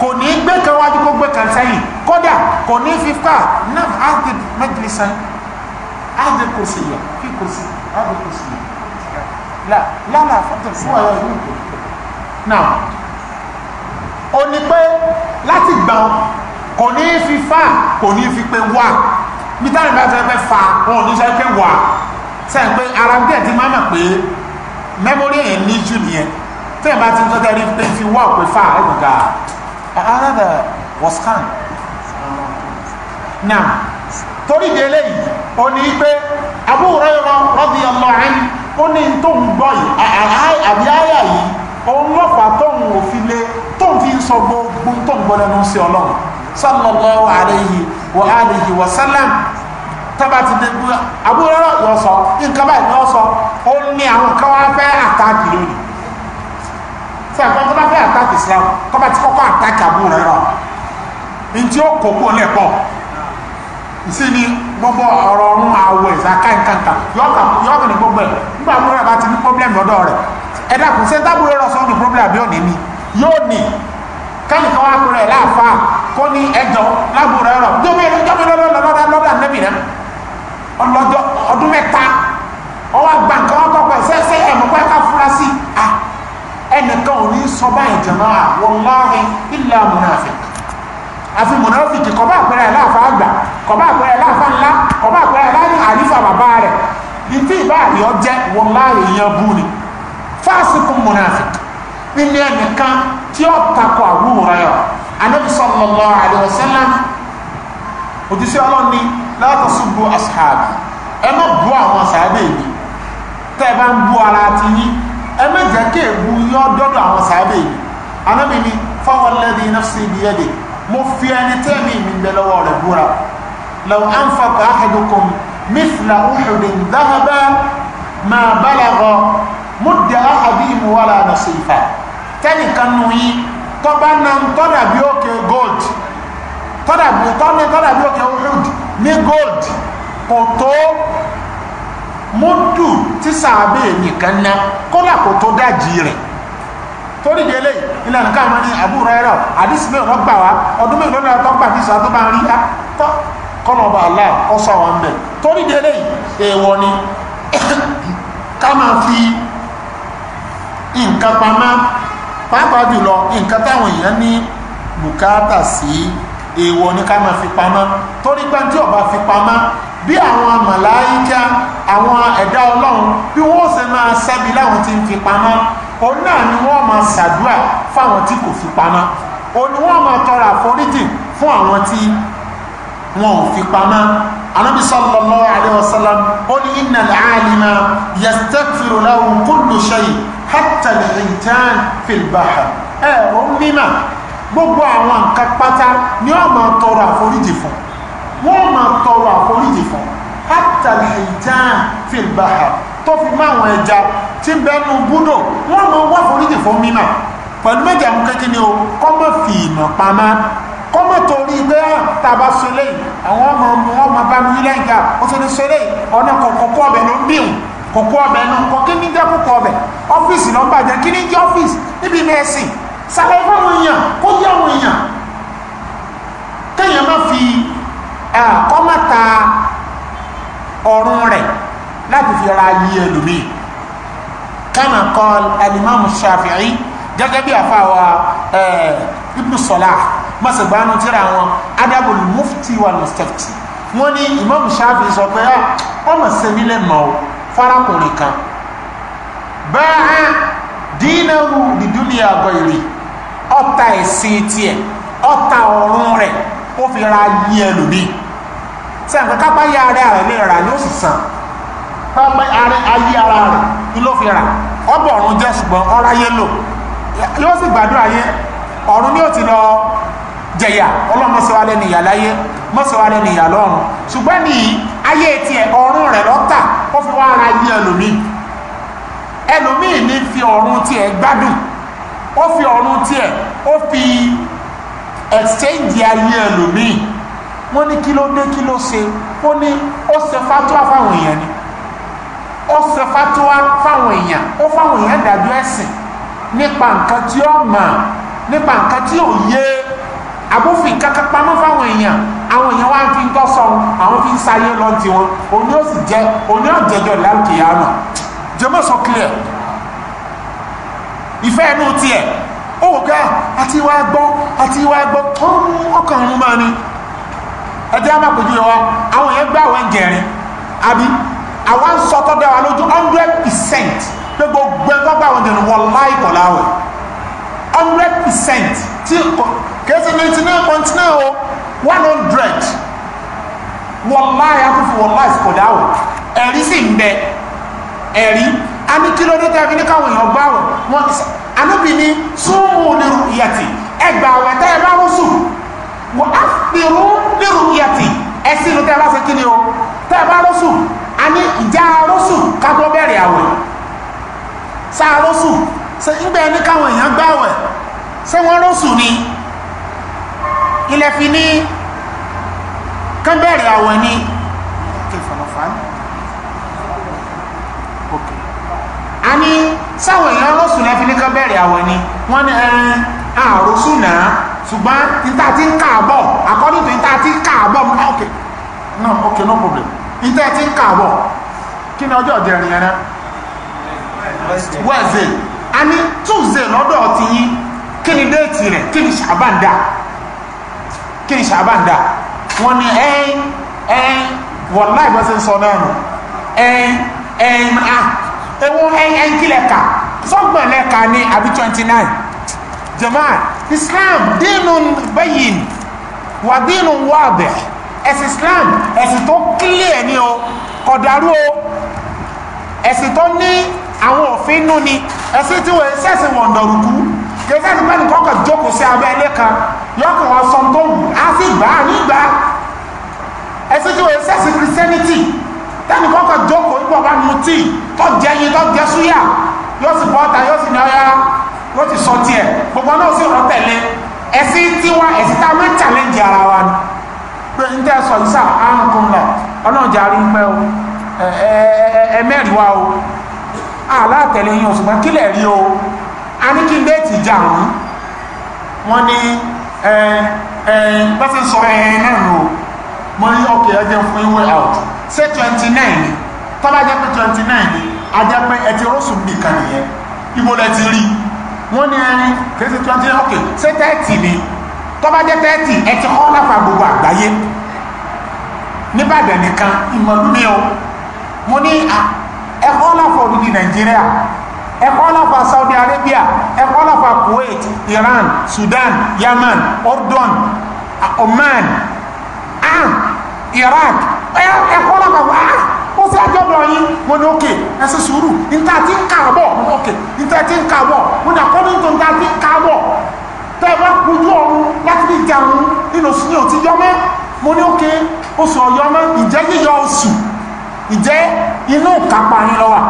kò ní gbé kan wájú kó gbé kan sẹ́yìn kódà kò ní fífà náà áàdì mẹ́jìlísàn áàdì kùrùsì yẹ kí kùrùsì áàdì kùrùsì yẹ láàlá fọ́tò fún ọ̀yọ́ ìlú náà ó ní pé láti gbà kò ní fi fà kò ní fi pé wà bí táwọn ìbá fẹ́ fà wọn ò ní sẹ́ pé wà sẹ́yìn pé ara díẹ̀ ti máa mọ̀ pé mẹ́mórí ẹ̀ ní jù nìyẹn tẹ́yìn bá ti ń tọ́jú rí pé fi wà pé fà ẹ̀ gbọ̀gà another was kind now torí de eléyìí ó ní pé Abu Hurairah radiyallahu anhu ó ní tóun gbọ́ yìí àbí àyà yìí òun lọ́fà tóun ò fi lé tó ń fi sọ gbogbo tó ń gbọ́dọ̀ ló ń ṣe ọlọ́run sallallahu alayhi wa alihi wa sallam tábà ti dé gbogbo àbúrò yọ sọ nǹkan báyìí yọ sọ ó ní àwọn kan wá fẹ́ àtàkì lónìí sọ àgbọn tó bá fẹ́ àtàkì Islam tó bá ti kọ́kọ́ àtàkì àbúrò rẹ rọ ní tí ó kó kó lẹ́pọ̀ sí ni gbogbo ọ̀rọ̀ ọ̀run àwọ̀ ìsàkà nǹkankan yọ̀ọ̀kan ní gbogbo ẹ̀ nígbà àbúrò rẹ bá ti ní pọ́blẹ́mù lọ́dọ̀ rẹ̀ ẹ̀dá kò sẹ́ńtà àbúrò rẹ sọ́ọ́ ní pọ́blẹ́mù yóò ní ní yóò ní kánìkan wá kúrẹ̀ láàfà kó ní ẹ̀dọ̀ lábúrò ẹ̀rọ jọ́mi jọ́mi lọ́dọ̀ lọ́dọ̀ nẹ́bì náà ọlọ́dọ̀ ọdún mẹ́ta ọwọ́ àgbà nǹkan wọn kọ́ pẹ̀ sẹ́sẹ́ ẹ̀mọ́ pẹ́ ká fura sí a ẹnìkan ò ní sọ báyìí jọ̀mọ́ à wallahi illa munafik àfi munafik kọ́ bá àpẹẹrẹ láàfà àgbà kọ́ bá àpẹẹrẹ láàfà ńlá kọ́ bá àpẹẹrẹ láàrin àlífà bàbá rẹ̀ ìtì ìbáàrí ọjẹ́ wallahi èèyàn bú ni fásikù munafik nílé ẹnìkan tí ó takọ àbúrò ayọ̀ anabi sallallahu alaihi wasallam òjísé ọlọ́run ní la tasubbu ashabi ẹ má bu àwọn sàábẹ̀ mi tẹ́ ẹ bá ń bu ara ti yín ẹ má jẹ́ kí ègbú yọ dọ́dọ̀ àwọn sàábẹ̀ mi anabi ní fawalladhi nafsi biyadihi mo fi ẹni tẹ́ mi mi bẹ lọ́wọ́ rẹ̀ búra law anfaqa ahadukum mithla uhudin dhahaban ma balagha mudda ahadihim wala nasifa tẹ́nìkan nù yín tó na tọ́dà bí òkè gold tọ́dà bí tọ́dà bí òkè wood ní gold kò tó múdù tí sàábé nìkan ná kódà kò tó dájì rẹ̀ torí di eléyìí ilẹ̀ nìkan máa ní Abu Hurairah àdìsí náà lọ gbà wá ọdún mélòó náà tó gbà bí sàá tó rí tọ́ kọ́nà ọba Allah ọ̀sán wọn bẹ̀ torí di eléyìí èèwọ̀ ni ká máa fi nǹkan pamọ́ pàápàá jùlọ nǹkan táwọn èèyàn ní bùkátà sí èèwọ̀ ní ká máa fi pamọ́ torí pé tí ọba fi pamọ́ bí àwọn màláíkà àwọn ẹ̀dá ọlọ́run bí wọ́n ṣe máa ṣẹ́bi láwọn tí ń fi pamọ́ òun náà ni wọ́n máa ṣàdúrà fáwọn tí kò fi pamọ́ òun ni wọ́n máa tọrọ àforíjì fún àwọn tí wọn ò fi pamọ́ anabi sallallahu alayhi wa sallam ó ní innal alima yastaghfiru lahu kullu shay' hatta al-ghaytan fil bahr ẹ̀rọ mímà gbogbo àwọn nǹkan pátá ni wọ́n máa tọrọ àforíjì fún wọ́n máa tọrọ àforíjì fún hatta al-ghaytan fil bahr tó fi má àwọn ẹja tí bẹnu búdò wọ́n máa wá àforíjì fún mímà pẹ̀lú méjì àwọn kékeré o kọ́ mọ̀ fi ìmọ̀ pamá kọ́ mọ̀ torí pé ah, tàbá ṣe àwọn ọmọ ọmọ bá mi lẹ́yìn ká ó ti ní ṣe ọ̀nà kọ̀ọ̀kọ̀ ọbẹ̀ ló ń bí kọ̀kọ́ ọbẹ̀ náà kọ́ kí ní jẹ́ kókọ́ ọbẹ̀ ọ́fíìsì lọ́n bàjẹ́ kí ní jẹ́ ọ́fíìsì níbi mẹ́sìn sàlàyé fáwọn èèyàn kó yé àwọn èèyàn kéèyàn má fi kọ́mọ́ta ọ̀run rẹ̀ láti fi ra yí ẹlòmíì kama kọ́l alimami shafi'i gẹ́gẹ́ bí àfàwà ibn salah masagbanu tíra wọn adabul mufti wal mustafti wọn ni imam shafi'i sọ pé ah, ọmọ sẹ́mi lẹ́mọ̀ọ́ fárakùnrin kan bẹ́ẹ̀ dínàrú nìdúlẹ̀ àgọ́ ìrì ọ̀tá ẹ̀sìn tiẹ̀ ọ̀tá ọ̀run rẹ̀ ó fi ra yí ẹlòmíì tí àwọn kápá yá ara rẹ̀ lè rà ní òsì sàn pápá ayé ara rẹ̀ ni ló fi rà ọ̀bọ̀ ọ̀run jẹ́ ṣùgbọ́n ọ̀ráyé lò yóò sì gbàdúrà yẹn ọ̀run ni ó ti lọ jẹyà ọlọ́run mọ́sọ̀wálẹ̀ ní ìyàláyé mọ́sọ̀wálẹ̀ ní ìyàlọ́run ṣùgbọ́n ní ayé tiẹ̀ ọ̀run rẹ̀ lọ́tà ó fi wá ara yí ẹlòmíì ẹlòmíì ní fi ọ̀run tiẹ̀ gbádùn ó fi ọ̀run tiẹ̀ ó fi exchange ayé ẹlòmíì wọ́n ní kí ló dé kí ló ṣe ó ní ó ṣe fatuwa fáwọn èèyàn ni ó ṣe fatuwa fáwọn èèyàn ó fáwọn èèyàn dájú ẹ̀sìn nípa nǹkan tí ó mọ̀ nípa nǹkan tí ò yé àbófin kankan pamọ́ fáwọn èèyàn àwọn èèyàn wá fi ń tọ́sọ àwọn fi ń sáyé lọ ti wọn òní ó sì jẹ òní ó jẹjọ láti yàrá jẹmọ́ sọ clear ìfẹ́ ẹnu tiẹ̀ ó wò ká àti ah, wá gbọ́ àti wá gbọ́ tó ń ọkàn ń máa ni ẹjẹ́ àmàpèjú wa àwọn èèyàn gbé àwọn ẹ̀jẹ̀rin àbí àwọn ń sọ tọ́ dá wa lójú hundred percent pé gbogbo ẹgbẹ́ gbà wọn jẹ̀rin wọ́n láì kọ̀ láwẹ̀ hundred percent tí kéèsì ninety nine point nine o one hundred wọláyà tó fi wọláyà kò dáwọ ẹ̀rí sì ń bẹ ẹ̀rí a ní kí ló dé tẹ́ fi ní káwọn èèyàn gbá wọn wọn anúbì ní súnmù nírú ìyàtì ẹgbà àwọn ẹ̀tẹ́ ẹ bá rú sùn wọ́n á fi rú nírú ìyàtì ẹ̀sìn ló tẹ́ bá ṣe kí ni o tẹ́ bá rú sùn a ní ìjà rú sùn ká tó bẹ̀rẹ̀ àwẹ̀ sáà rú sùn ṣe ń gbẹ ní káwọn èèyàn gbá wọn ṣé wọ́n rú sùn ni ilẹ̀ fi ní kẹ́bẹ̀rẹ̀ àwẹ̀ ní a ní sáwọn èèyàn rọ́sùn lẹ́fi ní kẹ́bẹ̀rẹ̀ àwẹ̀ ní wọ́n ní ẹran àròsùn náà ṣùgbọ́n níta tí ń kààbọ̀ according to níta tí ń kààbọ̀ ok no ok no problem níta tí ń kààbọ̀ kí ni ọjọ́ ìjẹrin ẹran wednesday a ní tuesday lọ́dọ̀ ti yín kí ni déètì rẹ̀ kí ni ṣàbàǹdà kiri ṣàbán dá wọ́n ní ẹ̀yìn ẹ̀yìn wọ̀lá ìbọ́sẹ̀ ń sọ náà nù ẹ̀yìn ẹ̀yìn à ẹ̀wọ̀n ẹ̀yìn ẹ̀yìn kílẹ̀ ká sọ́gbọ̀n lẹ́ka ní àbí twenty nine jama'a islam dínú bayyin wà dínú wàbẹ̀ ẹ̀sìn islam ẹ̀sìn tó kílẹ̀ ní o kọ̀dàrú o ẹ̀sìn tó ní àwọn òfin nú ni ẹ̀sìn tí wọ́n ṣẹ̀sìn wọ̀ndọ̀rùkú kẹfẹ́ nípa nìkan kan jókòó sí abẹ́ ilé kan yọkàn ọ̀sán tó wù á sì gbà á nígbà ẹsẹ̀ tí wọ́n sẹ́sì christianity tẹ́nìkan kan jókòó nípa bá mu tíì tó jẹ yín tó jẹ súyà yóò sì bọ́ ọ̀tá yóò sì ní ọ̀yá yóò ti sọ tiẹ̀ gbogbo náà sì rọ tẹ̀lé ẹ̀sìn tiwa ẹ̀sìn tá a máa challenge ara wa ni pé n tẹ́ sọ yìí sà á ń kun lẹ̀ ọlọ́run jà o ẹ mẹ́rin wa o a ní kí wọn ni ẹ wọ́n ní bẹ́sẹ̀ sọ̀rọ̀ ẹ̀yìn náà fún out ṣé twenty nine tọ́lá jẹ́ pé twenty nine a pé ẹ ti rọ́ọ̀sù nìkan nìyẹn ibo lẹ ti rí wọn ni ẹni twenty nine ni jẹ́ thirty ah, nàìjíríà ẹ̀kọ́ láfa Saudi Arabia ẹ̀kọ́ láfa Kuwait Iran Sudan Yemen Jordan Oman Ah, Iraq ẹ̀kọ́ láfa Ah, á ó sì àjọ̀dọ̀ yín mo ní òkè ẹ̀sẹ̀ sùúrù níta tí ń kààbọ̀ mo ní òkè níta tí ń kààbọ̀ mo ní àkọ́dún tó níta tí ń kààbọ̀ tẹ́ ẹ bá kojú ọ̀run láti fi jẹun nínú sùn yóò ti yọ mo ní òkè oṣù ọ̀yọ́ mọ́ yíyọ oṣù ìjẹ́ inú kápá yín lọ́wọ́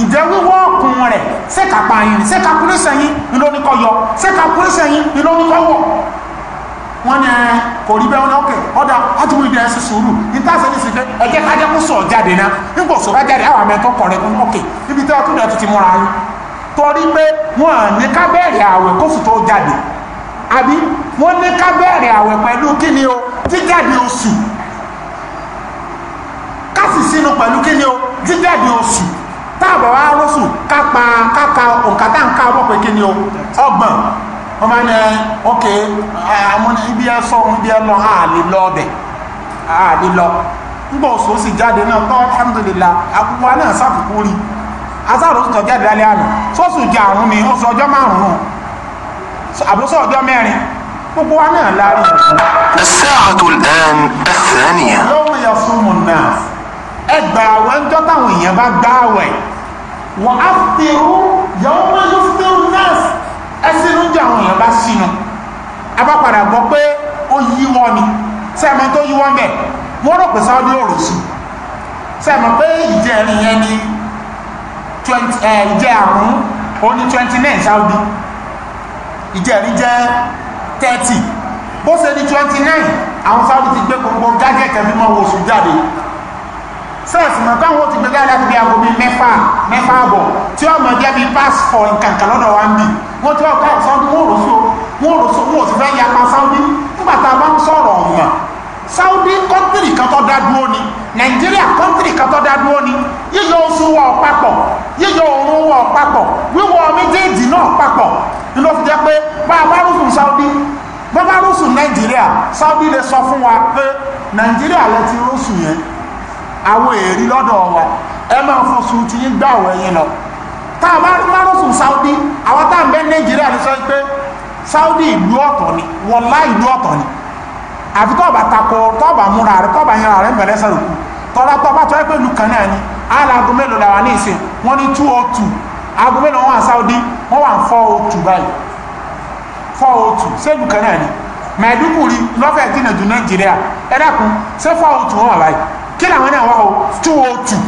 ǹjẹ́ wíwọ́ ọkùn rẹ̀ sẹ́kàpá yìí sẹ́kàkúrẹ́sẹ̀ yìí ńlọ́nìkọ́ yọ sẹ́kàkúrẹ́sẹ̀ yìí ńlọ́nìkọ́ wọ̀ wọ́n ní eh, kò rí bẹ́ẹ̀ ọkẹ̀ ọ̀dà ajúmọ̀ ibi ẹ̀sìn sùúrù ìtàsẹ̀ ní sìnkẹ́ ẹ̀jẹ̀ kájẹ́ kó sọ̀ jáde náà nígbà sọ̀rọ̀ jáde àwọn àmì ẹ̀tọ́ kọ̀ rẹ̀ ọkẹ̀ níbi tí ọkùnrin ẹ̀tún ti múra yín torí pé wọ́n ní ká bẹ̀rẹ̀ àwẹ̀ kófù tó jáde àbí wọ́n ní ká bẹ̀rẹ̀ àwẹ̀ pẹ̀lú kíni o jíjáde oṣù kásì sínú pẹ̀lú kíni o jíjáde oṣù táàbọ̀ wá rọ́sù kápa káka òǹkà tá à kí ni o ọgbọ̀n wọ́n máa ń ok àwọn ibi ẹ sọ ha ẹ lọ àlè lọ ọbẹ̀ àlè lọ nígbà oṣù sì jáde náà tọ́ alhamdulillah akúkú wa náà sàkúkú rí asáàrò tó jáde lálẹ́ àná sọ́sù jẹ àrùn ni oṣù ọjọ́ márùn-ún àbúṣọ ọjọ́ mẹ́rin gbogbo wa náà láàrin as wọ́n á fèrú yọ̀ọ́ máa yóò fèrú nọ́ọ̀sì ẹsẹ̀ ló ń jẹ àwọn èèyàn bá sínú abápadà gbọ́ pé ó yí wọ́n ni sẹ́ẹ̀mọ́ tó yí wọ́n bẹ̀ wọ́n rò pé sáwọ́dé òrò sí sẹ́ẹ̀mọ́ pé ìjẹrin yẹn ni ìjẹ àrùn ó ní twenty nine sáwọ́dé ìjẹrin jẹ́ thirty bó ṣe ní twenty nine àwọn sáwọ́dé ti gbé gbogbo gájẹ́tẹ̀ mímọ́ wo oṣù jáde sẹ́ẹ̀sì mọ̀ káwọn ti gbẹ̀gá láti bí aago bíi mẹ́fà mẹ́fà àbọ̀ tí ọmọ jẹ́ bíi pass for nkankan lọ́dọ̀ wa ń bì wọ́n ti wá ọ̀ká ìsọ́dún wọ́n rò so wọ́n rò so wọ́n ò sì fẹ́ yapa Saudi nígbà tá a bá ń sọ̀rọ̀ ọ̀nà Saudi kọ́ńtìrì kan tó dá dúró ni Nàìjíríà kọ́ńtìrì kan tó dá dúró ni yíyọ oṣù wa ọ̀pápọ̀ yíyọ oorun wa ọ̀pápọ̀ wíwọ méjèèjì náà papọ̀ ló fi jẹ́ pé bá a bá rúfin Saudi bá a bá rúfin Nàìjíríà Saudi lè sọ fún wa pé Nàìjíríà lẹ ti rúfin yẹn àwọn èrí lọ́dọ̀ wa ẹ máa fún sùn tí gbà wọ ẹyin lọ bá márùn sùn Saudi àwọn tá ń bẹ Nàìjíríà Saudi ìlú ọ̀tọ̀ ni wọn lá ìlú ọ̀tọ̀ ni àfi tọ́ọ̀bà takọ tọ́ọ̀bà múra rẹ tọ́ọ̀bà yẹn rẹ mẹ̀rẹ́ sẹ́rù kù tọ́lá tọ́ọ̀bà náà ni la ní ìsìn ní two oh two mélòó wọn Saudi wà four oh two báyìí four oh two kan náà kí làwọn náà wà ó two o two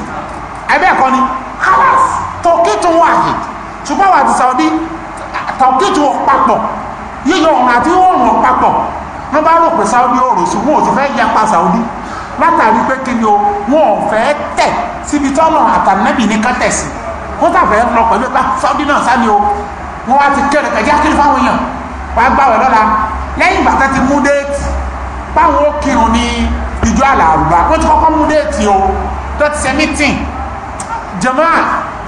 ẹbẹ́ ẹ̀kọ́ ni halas tọ̀kìtù wà yìí ṣùgbọ́n wà ti Saudi tọ̀kìtù papọ̀ yíyọ ọ̀run àti oòrùn papọ̀ wọ́n bá rò pé Saudi oòrùn sùn wọn ò sì fẹ́ yapa Saudi látàrí pé kí ni o wọn ò fẹ́ tẹ̀ síbi tọ́lọ̀ àtànẹ́bì ní kátẹ̀sì wọ́n tàfẹ́ lọ pẹ̀lú ẹgbẹ́ ah, Saudi náà sáni o wọ́n wá ti kéré ẹ̀jẹ̀ akéde fáwọn èèyàn wàá gbàwẹ̀ lọ́la lẹ́yìn bàtà ti mú déètì báwọn ó kírun ní ìjọ àlàrúbá wọ́n ti kọ́kọ́ mú déètì o tó ti ṣe mítìn jàmáà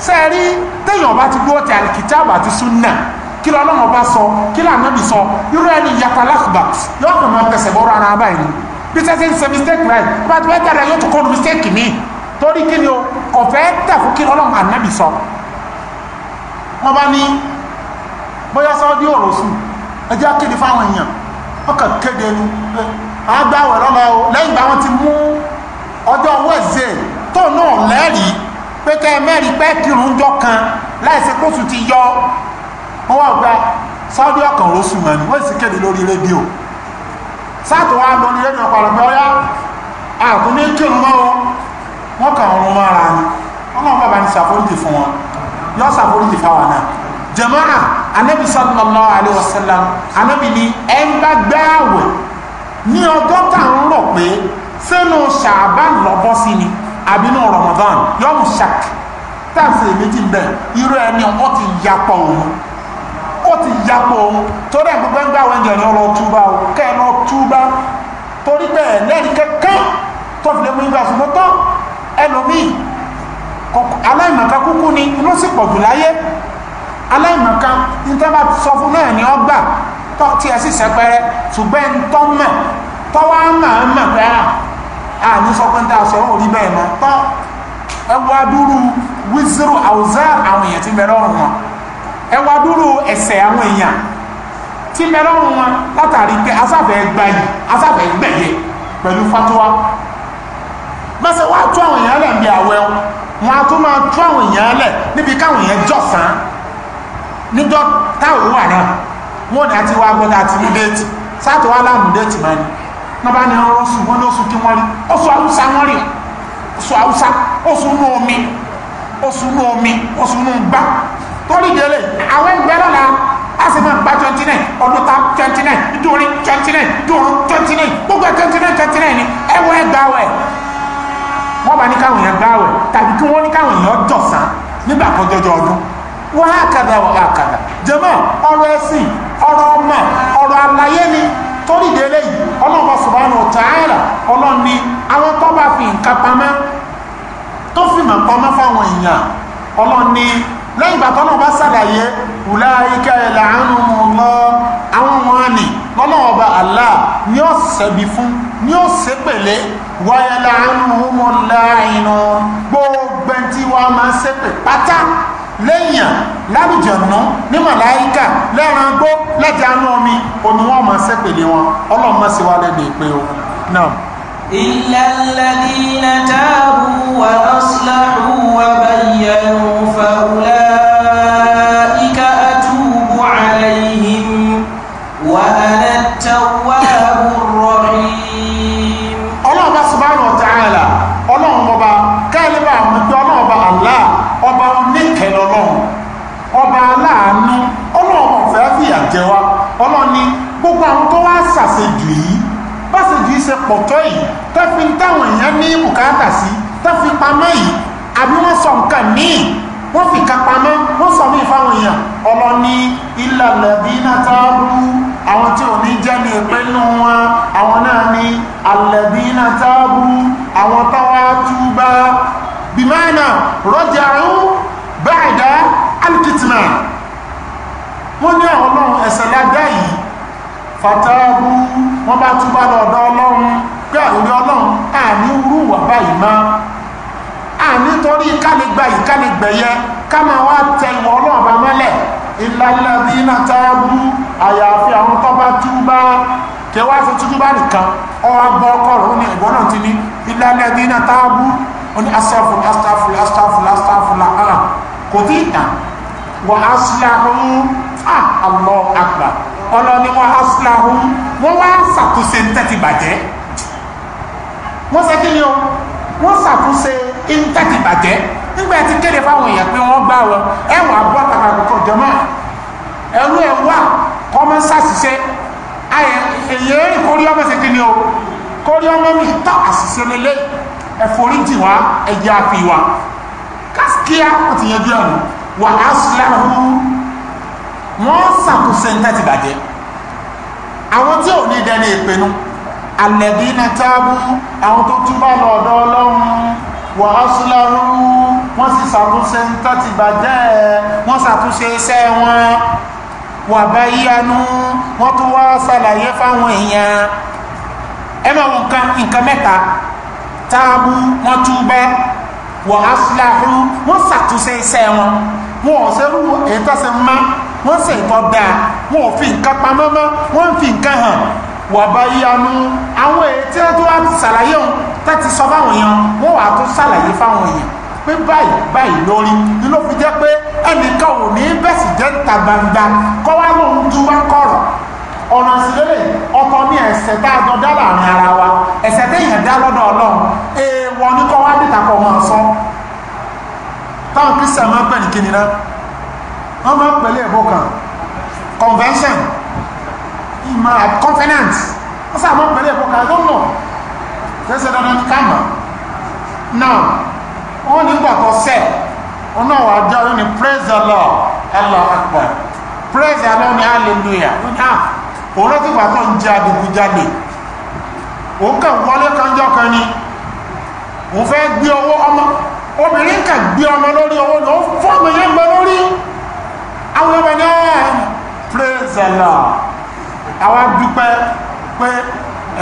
sẹ́ẹ̀rí téèyàn bá ti gbọ́ ti àlìkìtàbà àti súnà kí lọ ọlọ́run bá sọ kí lànàbì sọ irú ẹni yàtọ̀ alákùbà yóò kàn máa tẹsẹ̀ bọ́rọ̀ ara báyìí ni bí sẹ́sẹ̀ ń ṣe mistake rẹ̀ bá ti fẹ́ tẹ̀lé yóò tún kọ́ lu mistake mi torí kí ni o kò fẹ́ tẹ̀ fún kí ọlọ́run ànàbì sọ. wọ́n bá ní bóyá sọ́ọ́ di òrò ẹjẹ́ kéde fáwọn èèyàn wọ́n kàn kéde ni agbáwẹ̀ lọ́lọ́ o lẹ́yìn ìgbà wọn ti mú ọjọ́ wẹ̀sẹ̀ tó náà lẹ́rìí pé kẹ́ ẹ mẹ́rin pẹ́ kírun jọ kan láìsí kóṣù ti yọ wọ́n wá gba sáúdí ọkàn rọ́ṣù mọ̀ ní wọ́n sì kéde lórí rédíò sáàtò wa lórí rédíò pàrọ̀gbẹ́ ọyá ààbò ní kírun mọ́ wọn kàn ọrùn mọ́ ara ni wọ́n náà bàbá ní ṣàforíjì fún wọn yọ ṣàforíjì fáwọn náà jẹ̀mọ́nà anábì sallallahu alaihi wasallam anábì ní ẹ̀ ń bá gbáàwẹ̀ ní ọgọ́ta ń rọ̀ pé sẹ́nu ṣàbán lọ́bọ́ sí ni àbínú Ramadan yọ́mù ṣak táàsì méjì ń bẹ̀ irú ẹni ó ti yapọ̀ òun ó ti yapọ̀ òun torí ẹ̀ gbogbo ń gbà wẹ́ńjẹ̀ ni ọlọ́ túbá o kẹ́ẹ̀nà túbá torí pé ẹ̀lẹ́rìí kẹ́kẹ́ tó fi lè mú ibà ṣùgbọ́n tán ẹlòmíì aláìmọ̀ká kúkú ni ló sì pọ̀ jù láyé aláìmọ̀ká ní tẹ́ sọ fún náà ni ọgbà tí ẹ sì sẹpẹrẹ ṣùgbọ́n ẹni tọ́ mọ̀ tọ́wọ́ mọ̀ ń mọ̀ pé à ah, ní sọ́kùn tá a sọ ọ́ rí bẹ́ẹ̀ mọ́ tọ́ ẹ wá dúró wíṣírù àwùzá àwọn èèyàn ti bẹ̀rẹ̀ ọ̀rùn wọn ẹ wá dúró ẹsẹ̀ àwọn èèyàn ti bẹ̀rẹ̀ ọ̀rùn wọn látàrí pé asáfẹ́ gbayì asáfẹ́ gbẹ̀yẹ pẹ̀lú fatuwa bẹ́sẹ̀ wá tú àwọn èèyàn lẹ̀ níbi àwẹ̀ wọn a tún máa tú àwọn èèyàn lẹ̀ níbi káwọn èèyàn jọ̀sán níjọ́ táwọn wà náà wọn àti wá gbọ́dọ̀ àti mú déètì sáàtọ̀ wá láàmú déètì máa ní wọn bá ní wọn ní osu kí wọn oṣù haúsá wọn oṣù haúsá oṣù nú omi oṣù nú omi gba twenty nine ọdún ta twenty nine twenty nine twenty nine gbogbo twenty nine twenty nine ni bá ní káwọn tàbí ọ̀rọ̀ ọmọ ọ̀rọ̀ àlàyé ni torí délé yìí ọlọ́ọ̀bọ subhanahu wa ta'ala ni àwọn tó bá fi nǹkan pamọ́ tó fi mọ̀ pamọ́ fáwọn èèyàn ọlọ́ọ̀ ni lẹ́yìn ìgbà tọ́lọ́ bá sàlàyé wùlá ike ẹ̀làánú lọ àwọn ọmọ àní lọ́lọ́wọ́ bá Allah ni ó sẹ̀bi fún ni ó ṣe pèlé wáyẹ̀làánú mọ́láìnà gbogbo ẹni tí wọ́n máa ṣépè pátá lẹ́yìn lálùjọ̀nà ní màláíkà lẹ́ran gbó láti anú omi omi wọn máa sẹ́pèlé wọn ọlọ́run má ṣe wá lẹ́nu ìpè o náà. illa alladhina tabu wa aslahu wa bayyanu fa ulai. jẹ wá ọlọ́ni gbogbo àwọn tó wá sàṣejù yìí bá ṣe jù í ṣe pọ̀tọ́ yìí tó fi ń táwọn èèyàn ní bùkátà sí tó fi pamọ́ yìí àbí wọ́n sọ nǹkan míì wọ́n fi ká pamọ́ wọ́n sọ mí fáwọn èèyàn ọlọ́ni ìlàlẹ̀bí nátàbù àwọn tí ò ní jẹ́ ní ìpinnu wọn àwọn náà ni àlẹ̀bí nátàbù àwọn táwa túbá bìmáìnà rọ́jà ń báyìí dá alkitima wọ́n ní ọlọ́run ẹ̀ṣẹ̀ lágbá yìí fàtàbù wọ́n bá túbá lọ́dọ̀ ọlọ́run pé àrùn ọlọ́run àní irú wà báyìí má àní torí kánigbà yìí kánigbẹ̀yẹ ká máa wá tẹ ìwọ̀ ọlọ́run bá mọ́lẹ̀ ìlàlẹ́bí iná tábù àyàfi àwọn tó bá túbá kí wá fi túbá nìkan ọgbọ́ ọkọ̀rọ̀ ní ìbọn náà ti ní ìlàlẹ́bí iná tábù ó ní asẹ́fù asẹ́fù asẹ́fù asẹ́fù kò tí ì wọ́n aṣíláhùn ah allah akbar ọlọ́ni wọ́n aṣíláhùn wọ́n wá ṣàtúnṣe ntẹ́tì bàjẹ́ wọ́n ṣe kí ni o wọ́n ṣàtúnṣe ntẹ́tì bàjẹ́ nígbà tí kéde fáwọn èèyàn pé wọ́n gbà wọ ẹ̀wọ̀n abọ́ àtàkùkọ̀ jọmọ́ ẹ̀rú ẹ̀ wà kọ́mọ́ ṣàṣìṣe èyí kórí ọmọ ṣe kí ni o kórí ọmọ mi tá àṣìṣe lélẹ̀ ẹ̀fọ́rí jì wá ẹ̀jẹ̀ àfi wá kásìkíyà ó ti yẹjú ẹ̀rù wà á síláhù wọ́n sàkóso ní tàti bàjẹ́ àwọn tí ò ní dẹni ìpinnu alẹ́bí na tábú àwọn tó túbà lọ́dọ̀ ọlọ́run wà á síláhù wọ́n sì sàkóso ní tàti bàjẹ́ wọ́n sàkóso iṣẹ́ wọn wà bá yíyanú wọ́n tún wá sàlàyé fáwọn èèyàn ẹ máa wọ nǹkan nǹkan mẹ́ta tábú wọ́n túbà wa. á síláhù wọ́n iṣẹ́ wọn wọn ò sẹ́rú ẹ̀ńtọ́sẹ̀ má wọ́n sì tọ́ dáa wọn ò fi nǹkan pamọ́ mọ́ wọ́n fi nǹkan hàn wà bá yanu àwọn èyí tí wọ́n tó wá ti ṣàlàyé òun tó ti sọ fáwọn èèyàn wọ́n wà á tún ṣàlàyé fáwọn èèyàn pé báyìí báyìí lórí ni ló fi jẹ́ pé ẹnìkan ò ní bẹ̀sì jẹ́ ta gbangba kọ́ wá lóun ju wá kọ̀rọ̀ ọ̀nà ìsìlélẹ̀ ọkọ ní ẹ̀ṣẹ̀ tá a jọ dá láàrin ara wa ẹ̀ṣẹ̀ téèyàn dá lọ́dọ̀ ọlọ́run èèwọ̀ ní kọ́ wá dìtàkọ̀ wọn sọ táwọn christian máa pẹ̀ ní wọ́n máa pẹ̀lú ẹ̀bọ́ kan convention ìmọ̀ covenant wọ́n sáà máa pẹ̀lú ẹ̀bọ́ kan I don't know fẹ́sẹ̀ dandan kàmà now wọ́n nígbà tó sẹ́ ọ̀nà wà jọ ní praise the Lord praise the Lord ní hallelujah wọ́n ní ah òun ló ti gbà tó ń jẹ adigunjalè òun kàn wọlé kanjọ́ kan ni òun fẹ́ gbé owó ọmọ obìnrin kà gbé ọmọ lórí ọwọ́ ni ó ọmọ yẹn gbẹ lórí àwọn ọmọ yẹn praise the lord àwa dúpẹ́ pé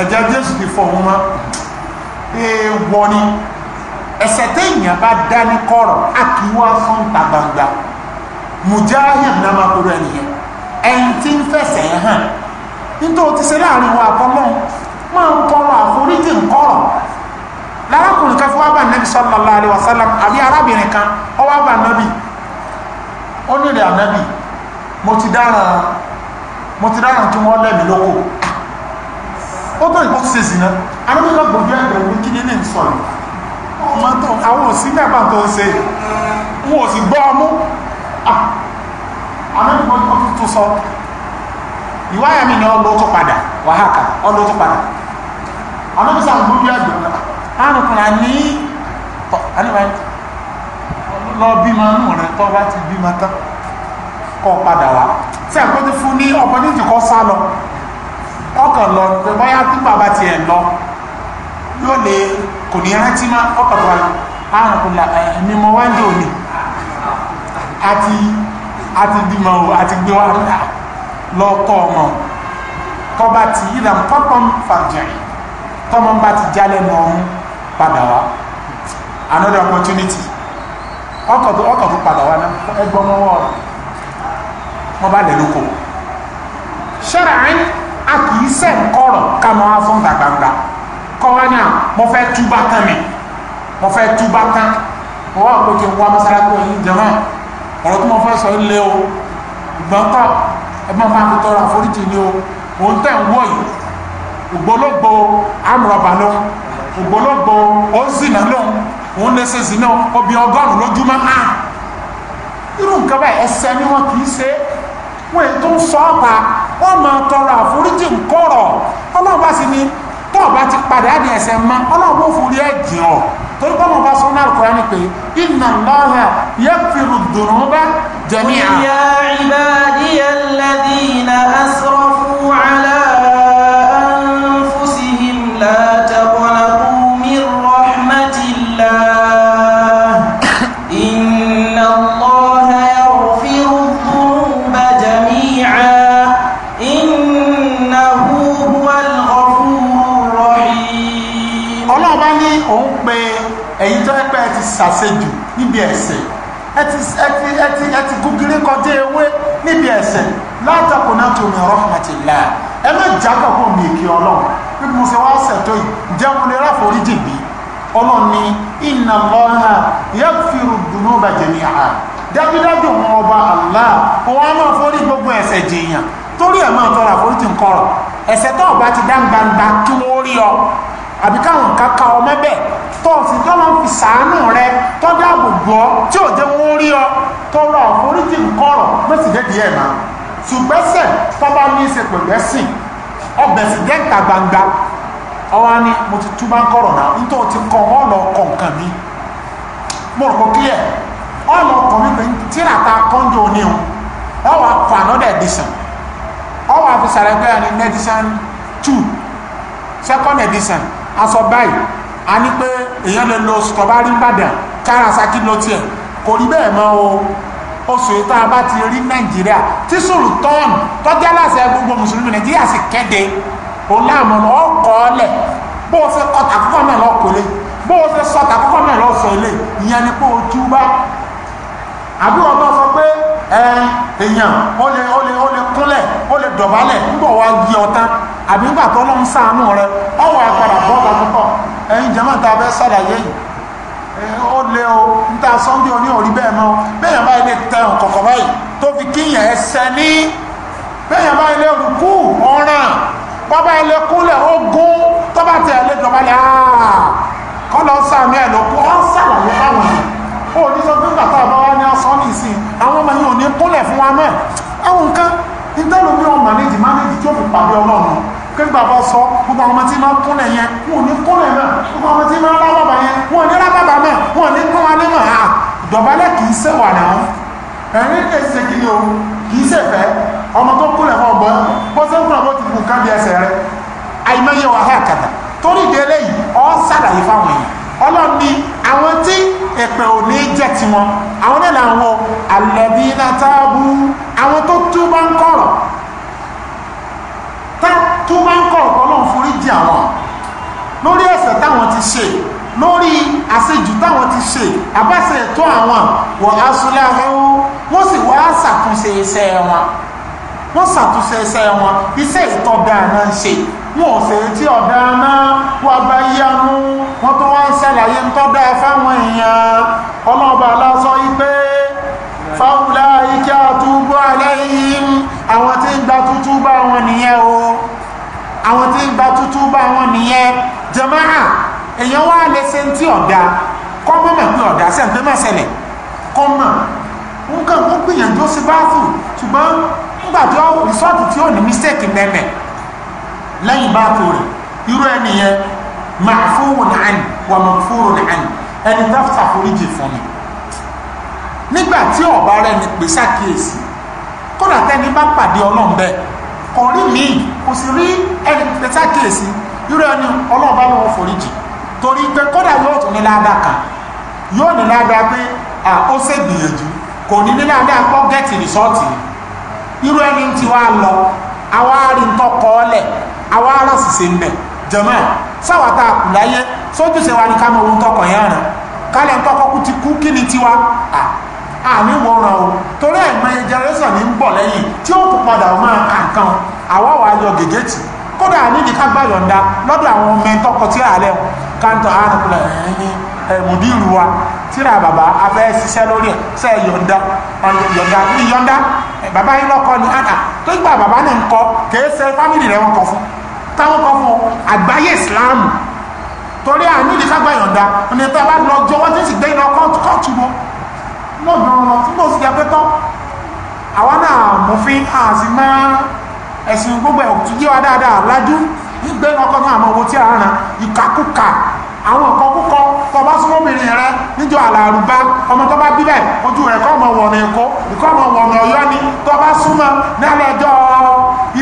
ẹ̀jẹ̀ jésù ti fọ̀ wọn mọ́ èèwọ̀ ni ẹ̀ṣẹ̀ téèyàn bá dá ní kọ̀rọ̀ a kì í wá sọ́n ta gbangba mujahid náà máa kúrò ẹnìyẹn ẹni tí ń fẹsẹ̀ hàn nítorí ti ṣe láàrin wa àkọ́mọ́ máa ń tọrọ àforíjì ń kọ̀rọ̀ lárakùnrin kan nke wá bá nẹ́bí sallallahu alaihi wasallam àbí arábìnrin kan ó wá bá ó mo ti dára mo ti dára tí wọ́n lẹ́mí lóko ó tó ìbọn ṣe sí náà arábí kan gbòdú ẹgbẹ̀ ní kí nílé ń sọ rẹ̀ àwọn òsì tó àrùn fúnra ní àníwá lọ bímọ nù rẹ tó bá ti bímọ tán kọ padà wá tí àgbẹ̀ ti fún ní opportunity kọ́ sá lọ ọkàn lọ bóyá tí bàbá tiẹ̀ lọ yóò lè kò ní rántí má ọkàn tó wà àrùn fúnra ẹ̀mí mọ wáńdì òní àti àti bímọ o àti gbé wá lọ tọ́ ọmọ tọ́ bá ti yíra tọ́tọ́ fàjẹ́ tọ́mọ bá ti jálẹ̀ nù ọ̀hún padà wá another opportunity ọkọ̀ tó ọkọ̀ tó padà wá náà ẹgbọ́n mọ́wọ́ rẹ̀ wọ́n bá lẹ̀ lóko ṣẹ́ra ń a kì í sẹ́ kọ́rọ̀ ká mọ́ wá fún gbàgbàgbà kọ́ wá ní à mo fẹ́ túbá kan mi mo fẹ́ túbá kan wọ́n wà pé kí n wá mọ́sálásí yìí jẹ́mọ́ ọ̀rọ̀ tí mo fẹ́ sọ lé o ìgbọ́n kọ́ ẹ máa máa fi tọrọ àforíjì ni o òun tẹ̀ ń wọ̀ yìí ògbólógbò àmúrọ̀bà ló ògbólógbò ó zìnà lóhun òun lẹ́sẹ̀ zìnà obì ọgọ́rùn lójúmọ́ á irú nǹkan báyìí ẹsẹ̀ ni wọn kì í ṣe wọn èyí ń sọ ọ́ pa máa tọrọ àforíjì ńkọ̀rọ̀ ọlọ́run bá sì ni tó o bá ti padà á di ẹ̀ṣẹ̀ mọ́ ọlọ́run ó forí ẹ̀ jìn ọ́ torí bọ́lá bá sọ náà kọ́ra ni pé inna Allaha yaghfiru dhunuba jami'a. ya ibadiya alladhina asrafu. sàṣejù níbi ẹ̀sẹ̀ ẹti ẹti ẹti ẹti gúgírí kọjá ewé níbi ẹ̀sẹ̀ látàkù náà tó mi rahmatillah ẹ má jákọ̀ kó mi kí ọlọ́run bí mo ṣe wá ṣẹ̀tọ́ yìí jẹ́ mo lè ráforí jìbì ọlọ́run ní inna Allaha yaghfiru dhunuba jami'a dájúdájú wọn ọba Allah òun á máa forí gbogbo ẹ̀ṣẹ̀ jìyàn torí ẹ̀ máa tọrọ àforíjì ń kọrọ̀ ẹ̀ṣẹ̀ tó bá ti dá gbangba kí wọ́n rí ọ àbí káwọn kaka ọmọ bẹ́ẹ̀ tó o sì tọ́lọ́ fi sàánú rẹ tó dáàbò bò ọ́ tí ò jẹ́ wọ́n rí ọ tó lọ àforíjì nkọ́rọ̀ mẹ́sìdẹ́dì ẹ̀ máa ṣùgbẹ́sẹ̀ tó bá ní í ṣe pẹ̀lú ẹ̀sìn ọbẹ̀ sì jẹ́ ìta gbangba ọwọ́ ni mo ti túbá ń kọ̀rọ̀ náà nítorí ti kọ́ ọ lọ nǹkan mi mo rò pé kí ẹ̀ ọ lọ mi pé tíra ta kọ́ńdé òní o ọ wà kọ́ another edition ọ wà fi sàrẹ́gbẹ́ ẹni edition two second edition aṣọ báyìí a ní pé èèyàn lè lọ strawberry Ìbàdàn kára saki lọ tiẹ̀ kò rí bẹ́ẹ̀ mọ́ o oṣù yìí tá a bá ti rí Nàìjíríà tí Sultan tọ́jà láṣẹ gbogbo mùsùlùmí Nàìjíríà sì kéde òun láàmú ọkọ̀ ọ̀lẹ̀ bó o ṣe kọ́ tàkùkọ̀ náà lọ́kọ̀ọ́lẹ̀ bó o ṣe sọ tàkùkọ̀ náà lọ́sọ̀ọ́lẹ̀ ìyẹn ni pé o túbá àbí wọn bá sọ pé ẹ èèyàn ó lè ó lè ó lè kúnlẹ̀ ó lè dọ̀bálẹ̀ nígbà wàá yí ọ̀tá àbí nígbà tó lọ́n sàánú rẹ ọwọ́ àgbàdà bọ́ọ̀lù púpọ̀ ẹ̀yin jẹ́mọ́ ta bẹ́ sàlàyé yìí ó lé o ń ta sọ́ndé oní òrí bẹ́ẹ̀ mọ́ bẹ́ẹ̀ bá ilé tẹ̀hùn kọ̀kọ̀ báyìí tó fi kíyàn ẹsẹ̀ ní bẹ́ẹ̀ bá ilé olùkú ọ̀ràn bọ́bá ilé kúnlẹ̀ ogún tọ́bàtẹ̀ ilé dọ̀bálẹ̀ kọ́ lọ sàmì ẹ̀ lókun ọ́n sàlàyé báwọn yìí ó ní sọ pé gbàtà ọba wa ní ọsán ní ìsìn àwọn ọmọ yìí ò ní kúnlẹ̀ fún wa mọ́ àwọn nǹkan ìtẹ́lómi ọmọ méjì má méjì tí ó fi pàdé ọlọ́run kéńgbà bọ́ sọ gbogbo àwọn ọmọ tí máa kúnlẹ̀ yẹn wọn ò ní kúnlẹ̀ náà gbogbo àwọn tí máa lábàbà yẹn wọn ò ní lábàbà náà wọn ò ní kún wa nínú à dọ̀bálẹ̀ kì í sẹ́wà náà ẹ̀rín èsì kìíní o kì í sẹ̀fẹ́ ọmọ tó kúnlẹ̀ fún ọgbọ́n bó ṣe ń kúnlẹ̀ bó ti kù ká bí ẹsẹ̀ rẹ àìmọye wàhálà kàtà torí ẹ̀pẹ̀ ò ní jẹ́ tiwọn àwọn náà làwọn alladhina tábú àwọn tó túbá ń kọ̀rọ̀ túbá ń kọ̀rọ̀ Ọlọ́run foríjì àwọn lórí ẹ̀ṣẹ̀ táwọn ti ṣe lórí àṣejù táwọn ti ṣe àbáṣe ẹ̀tọ́ àwọn wọ̀ asúláhó wọ́n sì wá ṣàtúnṣe iṣẹ́ wọn wọ́n ṣàtúnṣe iṣẹ́ wọn iṣẹ́ ìtọ́gbà náà ń ṣe wọn ò sì tí ọ̀dà náà wà bá yánú wọn tó wá ń ṣàlàyé ń tọ́ dáa fáwọn èèyàn ọlọ́ọ̀bà lásọ wípé fáwùlà ike àtúgbò àlẹ́yìn àwọn tí ń gba tútú bá wọn nìyẹn o àwọn tí ń gba tútú bá wọn nìyẹn jẹmáà èèyàn wá lè ṣe ń tí ọ̀dà kọ́ mọ́ mọ̀ pé ọ̀dà sí àgbẹ̀ máa ṣẹlẹ̀ kọ́ mọ̀ nǹkan ó gbìyànjú ó sì bá fù ṣùgbọ́n nígbà tí ó rìsọ́ọ̀tì tí ó ní mistake mẹ́mẹ́ lẹ́yìn bá tó rẹ̀ irú ẹni yẹn màfúrun àn wà màfúrun àn ẹni dáfítà foríjì ọba rẹ ni ẹni yóò tún ní ládàá kan yóò ní ládàá pé ó ṣègbìyànjú kò ní ní ládàá pọ́ gẹ́tì rìsọ́ọ̀tì irú ẹni tí àwa ara ṣìṣe ń bẹ̀ jọ̀mọ́ sáwà tá a kù láyé sójúṣe wa ni ká mọ ohun tọkọ̀ yẹn rìn kálẹ̀ ń tọkọ̀ kú ti kú kí ni tiwa àmì wọ̀ràn o torí ẹ̀mọ generation ní ń bọ̀ lẹ́yìn tí ó kò padà máa kà nǹkan àwa wà á yọ gègé tì kódà nídi ká gbà yọ̀ǹda lọ́dọ̀ àwọn ọmọ ẹni tọkọ tí àlẹ́ káńtọ̀ àánúkulẹ̀ ẹ̀yìn ẹ̀mùdírù wa tíra bàbá afẹ́ ṣiṣẹ́ lórí ẹ̀ ṣe yọ̀ǹda yọ̀ǹda ní yọ̀ǹda bàbá yín lọ́kọ ni àná tó gbà bàbá náà ń kèé ṣe fámìlì rẹ̀ wọn kọ fún táwọn kan fún àgbáyé islam torí àní ìdí ká onye ọ̀nà ìta bá lọ jọ wọ́n ti sì gbé kọ́ọ̀tù mọ́ tí mo sì jẹ́ pé tán àwọn náà mọ̀fin àti máa ẹ̀sìn gbogbo ẹ̀ òtún dáadáa lájú gbígbé àmọ́ owó tí a rán ìkakúkà àwọn nǹkan kúkọ tó bá súnmọ́ obìnrin rẹ níjọ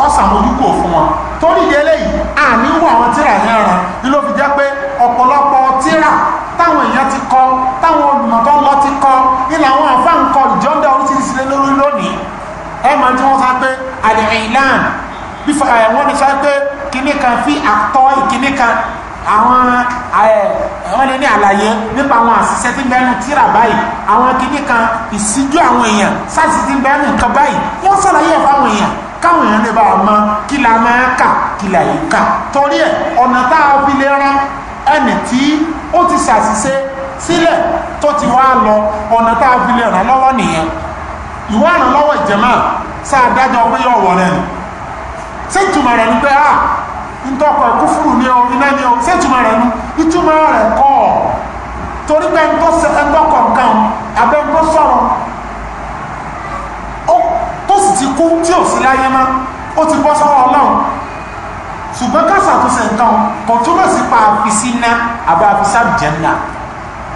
kọ́sàmójúkò fún wọn torí ìdí eléyìí àní wọ àwọn tíra yẹn ràn ni ló fi jẹ́ pé ọ̀pọ̀lọpọ̀ tíra táwọn èèyàn ti kọ táwọn olùmọ̀tọ́ lọ ti kọ ilà àwọn àfa ń kọ ìjọ́ndà oríṣiríṣi lé lórí lónìí ẹ máa tí wọ́n sá pé àdìrìnlán bí wọ́n ní sá pé kíní kan fi àtọ́ ìkíní kan àwọn wọ́n lè ní àlàyé nípa àwọn àṣìṣe tí bẹ́ẹ̀nu tíra báyìí àwọn kíní kan ìṣíjú àwọn èèyàn sáà sì ti bẹ́ẹ̀nu nǹkan báyìí wọ́n sàlàyé ẹ̀ fáwọn èèyàn káwọn èèyàn lè bá a mọ kí la máa kà kí la yìí kà torí ẹ̀ ọ̀nà tá a fi lè rán ẹnì tí ó ti ṣàṣìṣe sílẹ̀ tó ti wá lọ ọ̀nà tá a fi lè ràn lọ́wọ́ nìyẹn ìwọ ràn lọ́wọ́ ìjẹ̀mọ́ sáà dájọ́ pé yọ̀ wọ̀ rẹ̀ nù ṣé ìtumọ̀ rẹ̀ ni pé a ah, ntọ́kọ̀ kúfúrú ní ọ iná ní ọ ṣé ìtumọ̀ rẹ̀ nu ìtumọ̀ rẹ̀ kọ́ ọ torí pé ntọ́kọ̀ nǹkan abẹ́ ntọ́ sọ̀rọ̀ tó sì ti kú tí ò sí láyé mọ́ ó ti bọ́ sọ́wọ́ ọlọ́run ṣùgbọ́n ká ṣàtúnṣe nǹkan kò túmọ̀ sí pa àfisí ná àbí àfisá jẹ́nà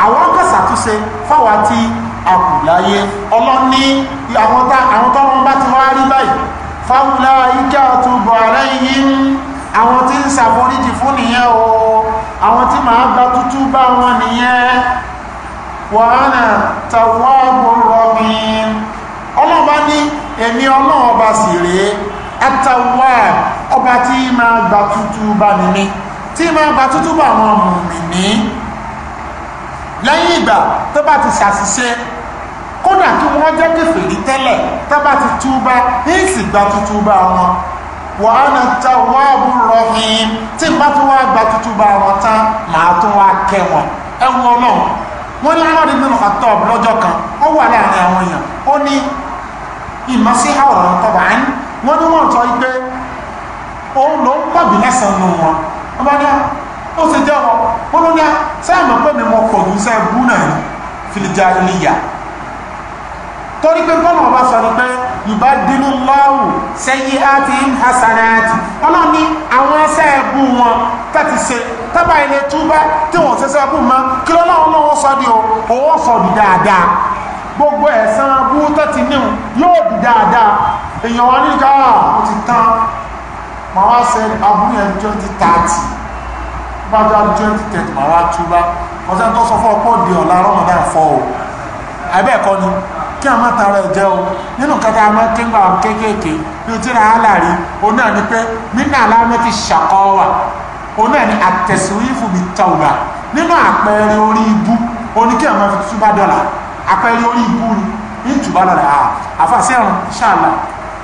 àwọn ká ṣàtúnṣe fáwa tí a kù láyé ọlọ́ni àwọn tọ́wọ́n bá ti wá rí báyìí fáwọlá ike àtúbọ̀ àlẹ́yìn àwọn tí ń ṣàforíjì fún nìyẹn o àwọn tí màá gba tútú bá wọn nìyẹn wàhánà tàwọn àgbò rọ̀bìn ọlọ́ba ní èmi ọlọ́run ọba sì rèé àtàwà ọba tí máa gba tútú bá ní mi tí máa gba tútú bá wọn mú mi ní lẹ́yìn ìgbà tó bá ti ṣàṣìṣe kódà kí wọ́n jẹ́ kèfèrí tẹ́lẹ̀ tó bá ti túbá ní ìsìgbà tútú bá wọn wàhánà táwà búrọ̀ hìn tí bá tún wá gba tútú bá wọn tán màá tún wá kẹ́ wọn ẹ̀wọ̀n náà wọ́n ní Umar ibn Khattab kan ó wà láàrin àwọn èèyàn ó ní ìmọ̀sí àwòrán tọ́ba á ní wọ́n ní wọ́n tọ́ pé òun ló ń pàbí lásán nù wọn wọ́n bá ní ó ṣe jẹ́ wọn wọ́n ló ní à sáàmù pé mi mọ pọ̀ ju iṣẹ́ bú náà ní fìlìjà ọba sọ ni pé ìbá dínú lọ́wù sẹ́yí àti hasanati ọlọ́run ní àwọn ẹsẹ̀ ẹ̀bù wọn tàti ṣe tábà ilé túbá tí wọ́n ṣẹṣẹ́ ẹ̀bù mọ́ kí lọ́wọ́ lọ́wọ́ sọ di o òwò sọ di dáadáa gbogbo ẹ̀sán búútọ́ ti níhun yóò di dáadáa èèyàn wa nílùú ó ah, ti tán màá wá sẹ di rọ́mọdá o àbẹ́ẹ̀kọ́ ni kí a má tara ẹ̀ jẹ́ o nínú kẹta a kéńgbà kéékèèké o ti ra o náà ni pé nínú aláàmì ti ṣàkọ́ o náà ni kí a fi àpẹẹrẹ orí ibú ni ní ìtùbá lọ́dà á àfa sẹ́rùn ṣáàlà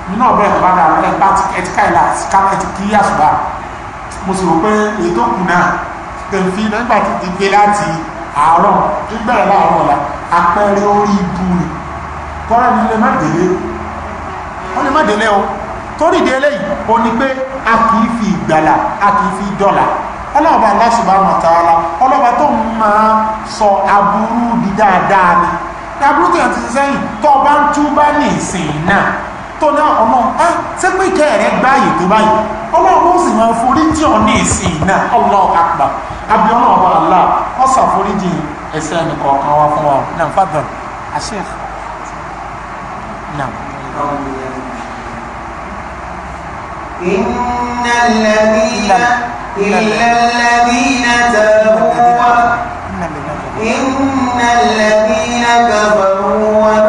nínú ọ̀bẹ ìtùbá náà ẹ bá ti ẹtí káìlà ẹtí kí àṣùbà mo sì rò pé èyí tó kù náà tẹ̀fí nígbà tó ti gbé láti àárọ̀ nígbẹ̀rẹ̀ láàárọ̀ ọ̀la àpẹẹrẹ orí ibú ni kọ́ra ni lè má délé ó lè má délé o torí délé yìí o ní pé a kì í fi ìgbàlà a kì í fi dọ́là ọlọ́ọ̀bá Allah subhanahu ọlọ́ọ̀bá tó máa sọ aburú di dáadáa ni aburú tó yàn ti sẹ́yìn tó bá ń tú bá ní ìsìn náà tó náà ọmọ á ah, ṣé pé ìkẹ́ rẹ gbáyè tó báyìí ọlọ́run ó sì máa foríjì ọ̀ ní ìsìn náà Allahu akbar abiy ọlọ́run wa Allah ó ṣàforíjì ẹsẹ̀ ẹnìkọ̀ọ̀kan wa fún wa náà fàdàn àṣẹ إن الذين تابوا الذين كفروا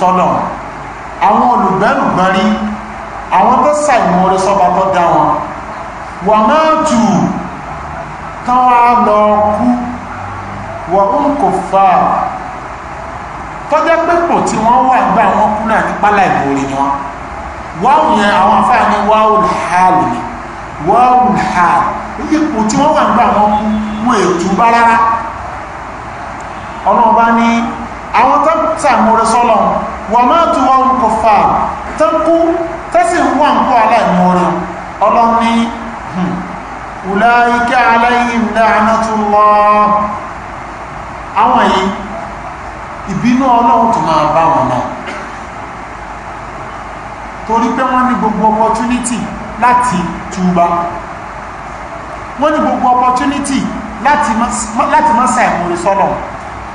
sọ́nà àwọn olùgbẹ́rùgbọ́n rí àwọn tó ṣàìmọ̀ọ́rẹ́ sọ́ba tó dá wọn wà máa tù kán wá lọ kú wà ń kò fà á tọ́jọ́ pépò tí wọ́n wà gbà wọ́n kú náà ní pálá ìbòrè ni wọ́n wáwù yẹn àwọn afáà ní wáwù hàlù ni wáwù hàlù ipò tí wọ́n wà gbà wọ́n kú wọ́n ètò bá rárá ọlọ́ọ̀bá ní àwọn tó sàmúrẹ sọ́lọ̀ wọ́n máa tún wọn kò fà tó kú tẹ́sì ń wà ń kọ́ aláìmọ́rẹ ọlọ́ni hmm, ulaika alayhim la'natullah àwọn yìí ìbínú ọlọ́run tó máa bá wọn náà torí pé wọ́n ní gbogbo opportunity láti túbá wọ́n ní gbogbo opportunity láti má sàìmúrí sọ́lọ̀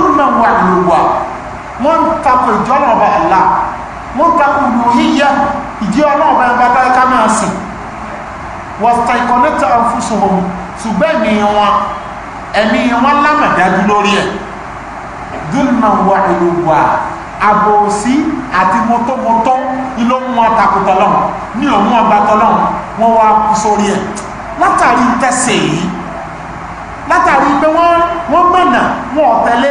dúnà wà lùwà wọ́n ń takò ìjọ náà bá àlá wọ́n ń takò ìlú yíyá ìdí ọlọ́run bá ẹgbẹ́ báyìí ká máa sìn wọ́n ta ìkọ́nẹ́tà ọ̀fúnṣe wọn ṣùgbọ́n ẹ̀mí wọn ẹ̀mí wọn lámàdájú lórí ẹ̀ dúnà wà lùwà àbòsí àti mọ́tọ́mọ́tọ́ ilé mú wọn takùtọ̀ lọ́wọ́ ní òun ọba tọ́lọ́wọ́ wọn wá kú sórí ẹ̀ látàrí tẹ̀sẹ̀ yìí látàrí pé wọ́n mọ̀nà wọn ò tẹ̀lé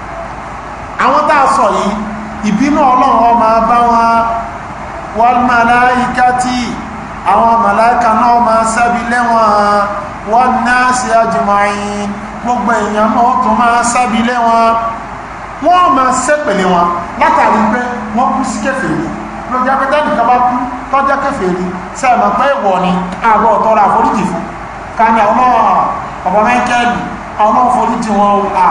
àwọn tá a sọ yìí ìbínú ọlọ́run ọmọ bá wọn wọ́n màláìka tí àwọn màláìka náà máa sábì lẹ́wọ̀n wọ́n náà sí ajùmọ̀yìn gbogbo èèyàn náà tó máa sábì lẹ́wọ̀n wọ́n máa sẹ́pẹ̀lẹ̀ wọn látàrí pé wọ́n kú sí kèfèrí ló jẹ́ pé bá kú tọ́jẹ́ kèfèrí sẹ́ẹ̀mọ̀ pé ìwọ̀ ni àárọ̀ tọ́ra àforíjì fún ká ní àwọn ọmọ ọmọ mẹ́kẹ́lì àwọn ọmọ foríjì wọn à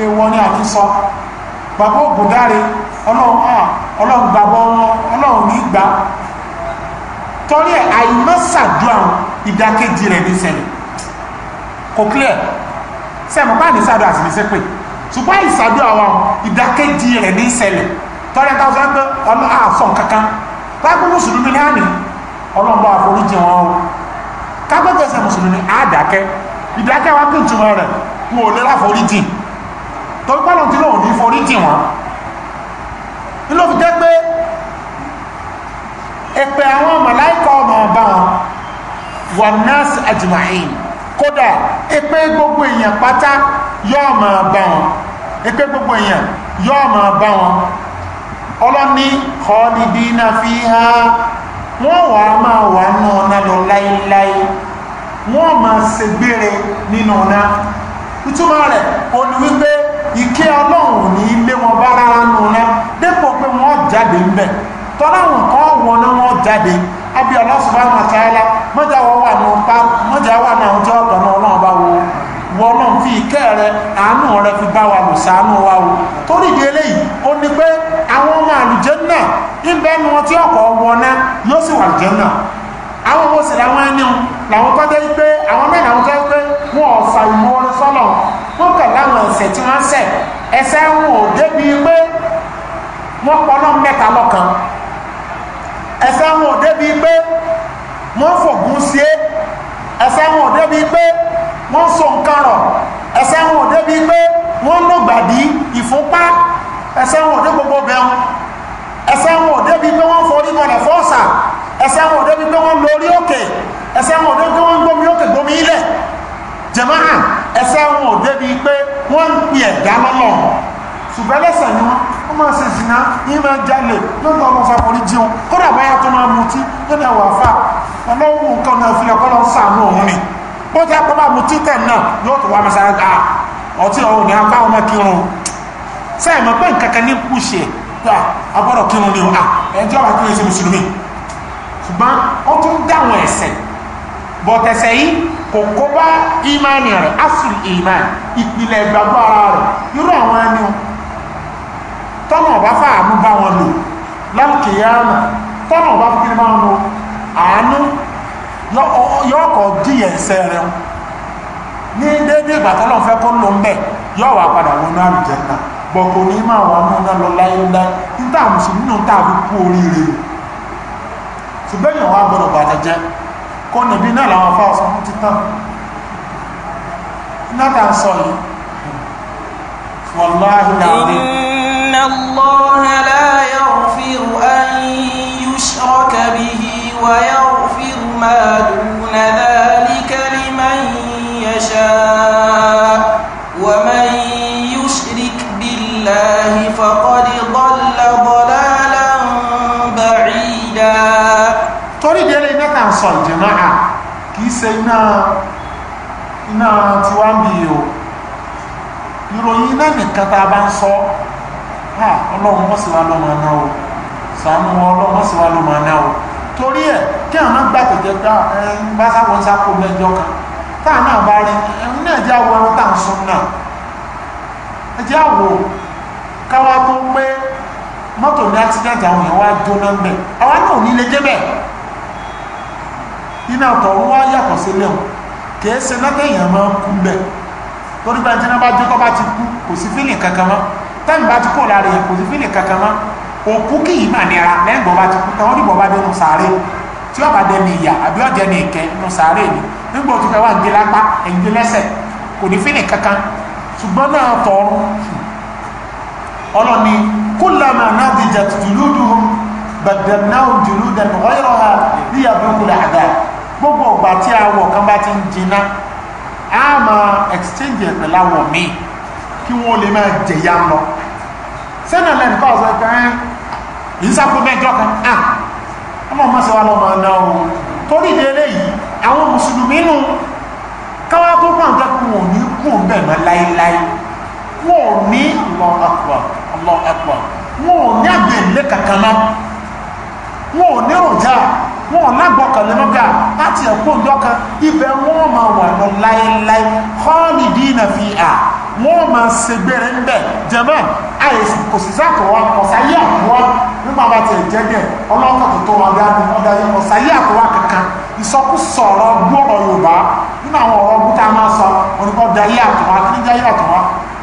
èèwọ̀ ni àti bàbá ògùndáre ọlọ́run gbàbọ́ ọlọ́run ní gbà torí ẹ̀ àìmọ́sàdú àwọn ìdákejì rẹ̀ ní ṣẹlẹ̀ kò clear sẹ́mu bá ní sàdú àti ní sẹ́pẹ̀ ṣùgbọ́n àìsàdú àwọn ìdákejì rẹ̀ ní ṣẹlẹ̀ torí ẹ̀ káwọn sọ́dọ̀ ọlọ́ àfọ̀n kankan lágbó mùsùlùmí ní àná ọlọ́run bá àforíjì wọn o kágbẹ́gbẹ́sẹ̀ mùsùlùmí àádákẹ́ ìdákẹ́ wa kún ìtumọ̀ rẹ̀ wọn ò lè láforíjì torí pọ́lọ̀ tí lóòrùn ní forí tì wọ́n ní ló fi jẹ́ pé ẹ̀pẹ̀ àwọn màláìkà ọmọ ọba wọn wà nọ́ọ̀sì àjùmáyìn kódà ẹ̀pẹ̀ gbogbo èèyàn pátá yóò máa bá wọn ẹ̀pẹ̀ gbogbo èèyàn yóò máa bá wọn ọlọ́ni khalidina fiha wọ́n wà á máa wà nù ọ̀nà lọ láíláí wọ́n máa ṣègbére nínú ọ̀nà ìtumọ̀ rẹ̀ ó Ike ọlọ́run ò ní lé wọn bá rárá nù náà dépò pé wọ́n jáde ń bẹ̀ tọ́láwọn kan wọn náà wọ́n jáde àbí Allah subhanahu mọ́jà wà ní mọ́jà fi rẹ àánú rẹ fi bá wa lò o torí eléyìí ó ní pé àwọn ọmọ ń bẹ́ẹ̀ ni ọkọ̀ wọn náà yóò sì wà àwọn làwọn tó jẹ́ pé àwọn mẹ́rin àwọn tó jẹ́ pé wọn ò fa ìmọ̀ orin sọ́lọ̀ wọn kàn láwọn ẹ̀ṣẹ̀ tí wọ́n ń ṣẹ̀ ẹ̀ṣẹ̀ wọn ò débi pé wọ́n pọ́nà mẹ́ta lọ́kan ẹ̀ṣẹ̀ wọn ò débi pé wọ́n fògùn sí é ẹ̀ṣẹ̀ wọn ò débi pé wọ́n so nǹkan rọ̀ ẹ̀ṣẹ̀ wọn ò débi pé wọ́n lògbàdì ìfúnpá ẹ̀ṣẹ̀ wọn ò dé gbogbo bẹ́ẹ̀ ẹ̀ṣẹ̀ wọn ò débi pé wọ́n forí mọ̀nà fọ́ọ̀sà ẹ̀ṣẹ̀ wọn ò débi pé wọ́n lórí òkè ẹsẹ̀ àwọn ọ̀dọ́ tó wọ́n ń gbómi ókè gbómi ilẹ̀ jẹ̀máà ẹsẹ̀ àwọn ọ̀dọ́ bí pé wọ́n ń pè ẹ̀dá lọ́lọ́ ṣùgbọ́n ẹlẹ́sẹ̀ ni wọ́n wọ́n máa ṣe ìsìná yìí máa jalè lọ́nà ọmọ fàforí jẹun kódà báyà tó máa mutí lọ́nà ẹ̀wà fà ọlọ́wọ́ nǹkan náà fi ọkọ́ lọ ń sàánú òun ni bó ti apá bá mutí tẹ̀ náà yóò tó wá máa sáré gbà ọtí ọ̀hún ni apá ọmọ kírun sẹ́yìn mọ̀ pé nǹkan kan ní kú ṣe gbà agbọ́dọ̀ kírun ni ẹjọ́ wa kí wọ́n ṣe mùsùlùmí ṣùgbọ́n ó tún dáwọn ẹ̀sẹ̀ bọ̀tẹ̀sẹ̀ yìí kò kó bá ìmánì rẹ̀ asùn ìpìlẹ̀ ìgbàgbọ́ ara rẹ̀ irú àwọn ẹni tọ́nà ọ̀bá fàánú bá wọn lò lálùkìyàmà tọ́nà ọ̀bá fún kíni bá wọn lò àánú yọ́ọ̀kọ̀ díyẹ̀ ẹ̀sẹ̀ rẹ̀ ní déédé ìgbà tọ́lọ̀ fẹ́ kó lò ń bẹ̀ yọ́ọ̀ wà padà wọnú ní wà mú lọ nínú kọ́nà bí náà làwọn afá ọ̀sán ti tán náà ń sọ yìí wàláhì láàrin inna Allaha la yaghfiru an yushraka bihi wa yaghfiru ma duna dhalika liman yasha wa man yushrik billahi faqad hassan jama'a kìí ṣe iná iná tí wá ń bí o ìròyìn iná nìkan tá a bá ń sọ ha ọlọ́run mọ́ sí wa ló máa ná o sàánú ọlọ́run mọ́ sí wa ló máa ná o torí ẹ̀ kí àwọn gbà tẹ̀jẹ̀ gbà ẹ̀ ń bá sáwọn sáko mẹ́jọ kan táà náà bá rí ẹ̀rùn náà jẹ́ àwọn ẹran táà ń sún náà ẹ jẹ́ káwá tó pé mọ́tò ní accident àwọn èèyàn wá jóná ń bẹ̀ àwọn náà ò ní lè jẹ́ iná ọ̀tọ̀ ń wá yàtọ̀ sí lẹ́hùn kìí ṣe lọ́tẹ̀yàn máa ń kú bẹ̀ torí pé ẹni bá jó tó bá ti kú kò sí fílì kankan mọ́ tẹ́mi bá ti kó lára yẹn kò sí fílì kankan mọ́ òkú kì í mà nira lẹ́yìn bọ́ bá ti kú tán ó dìbò bá dẹnu sàárè tí ó bá dẹnu ìyà àbí ọ̀jẹ̀ ní ìkẹ́ nínú sàárè ni nígbà tó fẹ́ gbé lápá ẹ̀yìn lẹ́sẹ̀ kò ní fílì kankan ṣùgbọ́n náà tọrọ ọlọ́ni kúlàmà náà dìjà tùtù bàdàn náà jùlù dàn gbogbo ìgbà tí awọ kan bá ti ń jiná a máa exchange ẹ̀ pẹ̀lú awọ míì kí wọ́n lè máa jẹ̀yà lọ sẹ́nà lẹ́nu kọ́ ọ̀sẹ̀ kan ń sáko mẹ́jọ kan à ọmọ ọmọ sọ wa lọ́mọ ọ̀nà ọ̀hún torí ìdílé yìí àwọn mùsùlùmí nù káwá tó pàǹkà kú wọn ò ní kú òun bẹ́ẹ̀ mọ́ láéláé wọn ò ní Allahu Akbar Allahu Akbar wọn ò ní àgbẹ̀ ilé kankan náà wọn ò ní ròjà wọn ò lágbọ̀kàn lẹ́nu gbà láti ẹ̀kọ́ ọjọ́ kan ibẹ̀ wọ́n máa wà lọ láéláé họ́ọ̀lì dínà fi à wọ́n máa ṣègbèrè ń bẹ̀ jẹ̀mọ́ àìsí kò sì sáàtọ̀ wa ọ̀sáyé àkọ́wá nígbà bá tiẹ̀ jẹ́ bẹ̀ ọlọ́kọ̀ tó tó wa bí adùn ọ̀dà yẹn ọ̀sáyé àkọ́wá kankan ìsọkúsọ ọ̀rọ̀ gbọ́rọ̀ Yorùbá nínú àwọn ọ̀rọ̀ ọ̀gbọ́n tá a máa sọ oníkọ́dà yé àtọ̀wá kí ní jẹ́ yé àtọ̀wá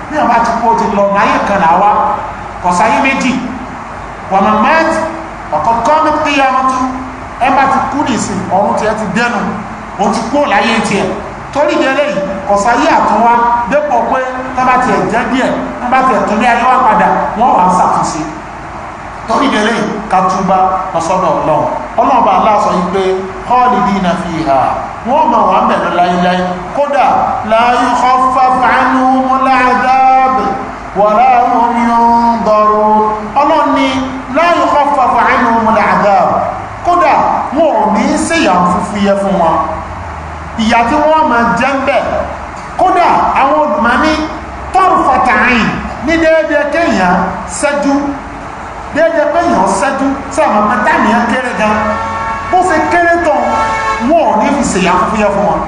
bí ọba ti kó o ti lọ náyé kan là wá kọ̀sáyé méjì wàmọ̀ mẹ́t ọ̀kọ̀ọ̀kan mẹ́tẹ́yàmọ́tún ẹ bá ti kú nìsín ọ̀run tiẹ̀ ti dẹnu o ti kú láyé tiẹ̀ torí ìdẹ́lẹ̀ yìí kọ̀sáyé àtúnwá dépò pé tó bá tiẹ̀ jẹ́ díẹ̀ tó bá tiẹ̀ tó ní ayé wá padà wọ́n wà á ṣàtúnṣe torí ìdẹ́lẹ̀ yìí ká túbá lọ́sọ́dọ̀ ọlọ́run ọlọ́run bá aláṣọ yìí pé họ́ọ̀lì dínà fi hà wọ́n mọ̀ wà mẹ́lẹ̀ láíláí kódà láyé kọfà fàánú mọ́láàdáàbẹ̀ wà láàrín orin ọlọ́ni láyé kọfà fàánú mọ́láàdáàbẹ̀ àrùn fífú yẹ fún wọn ìyà tí wọ́n máa jẹ́ ń bẹ̀ kódà àwọn olùmọ̀ ní tọ́rù fàtàrin ní déédéé kéèyàn ṣẹ́jú déédéé kéèyàn ṣẹ́jú sáwọn ọmọ dánìyàn kéré gan bó ṣe kéré tán wọn ò ní fi ṣèyà fífú yẹ fún wọn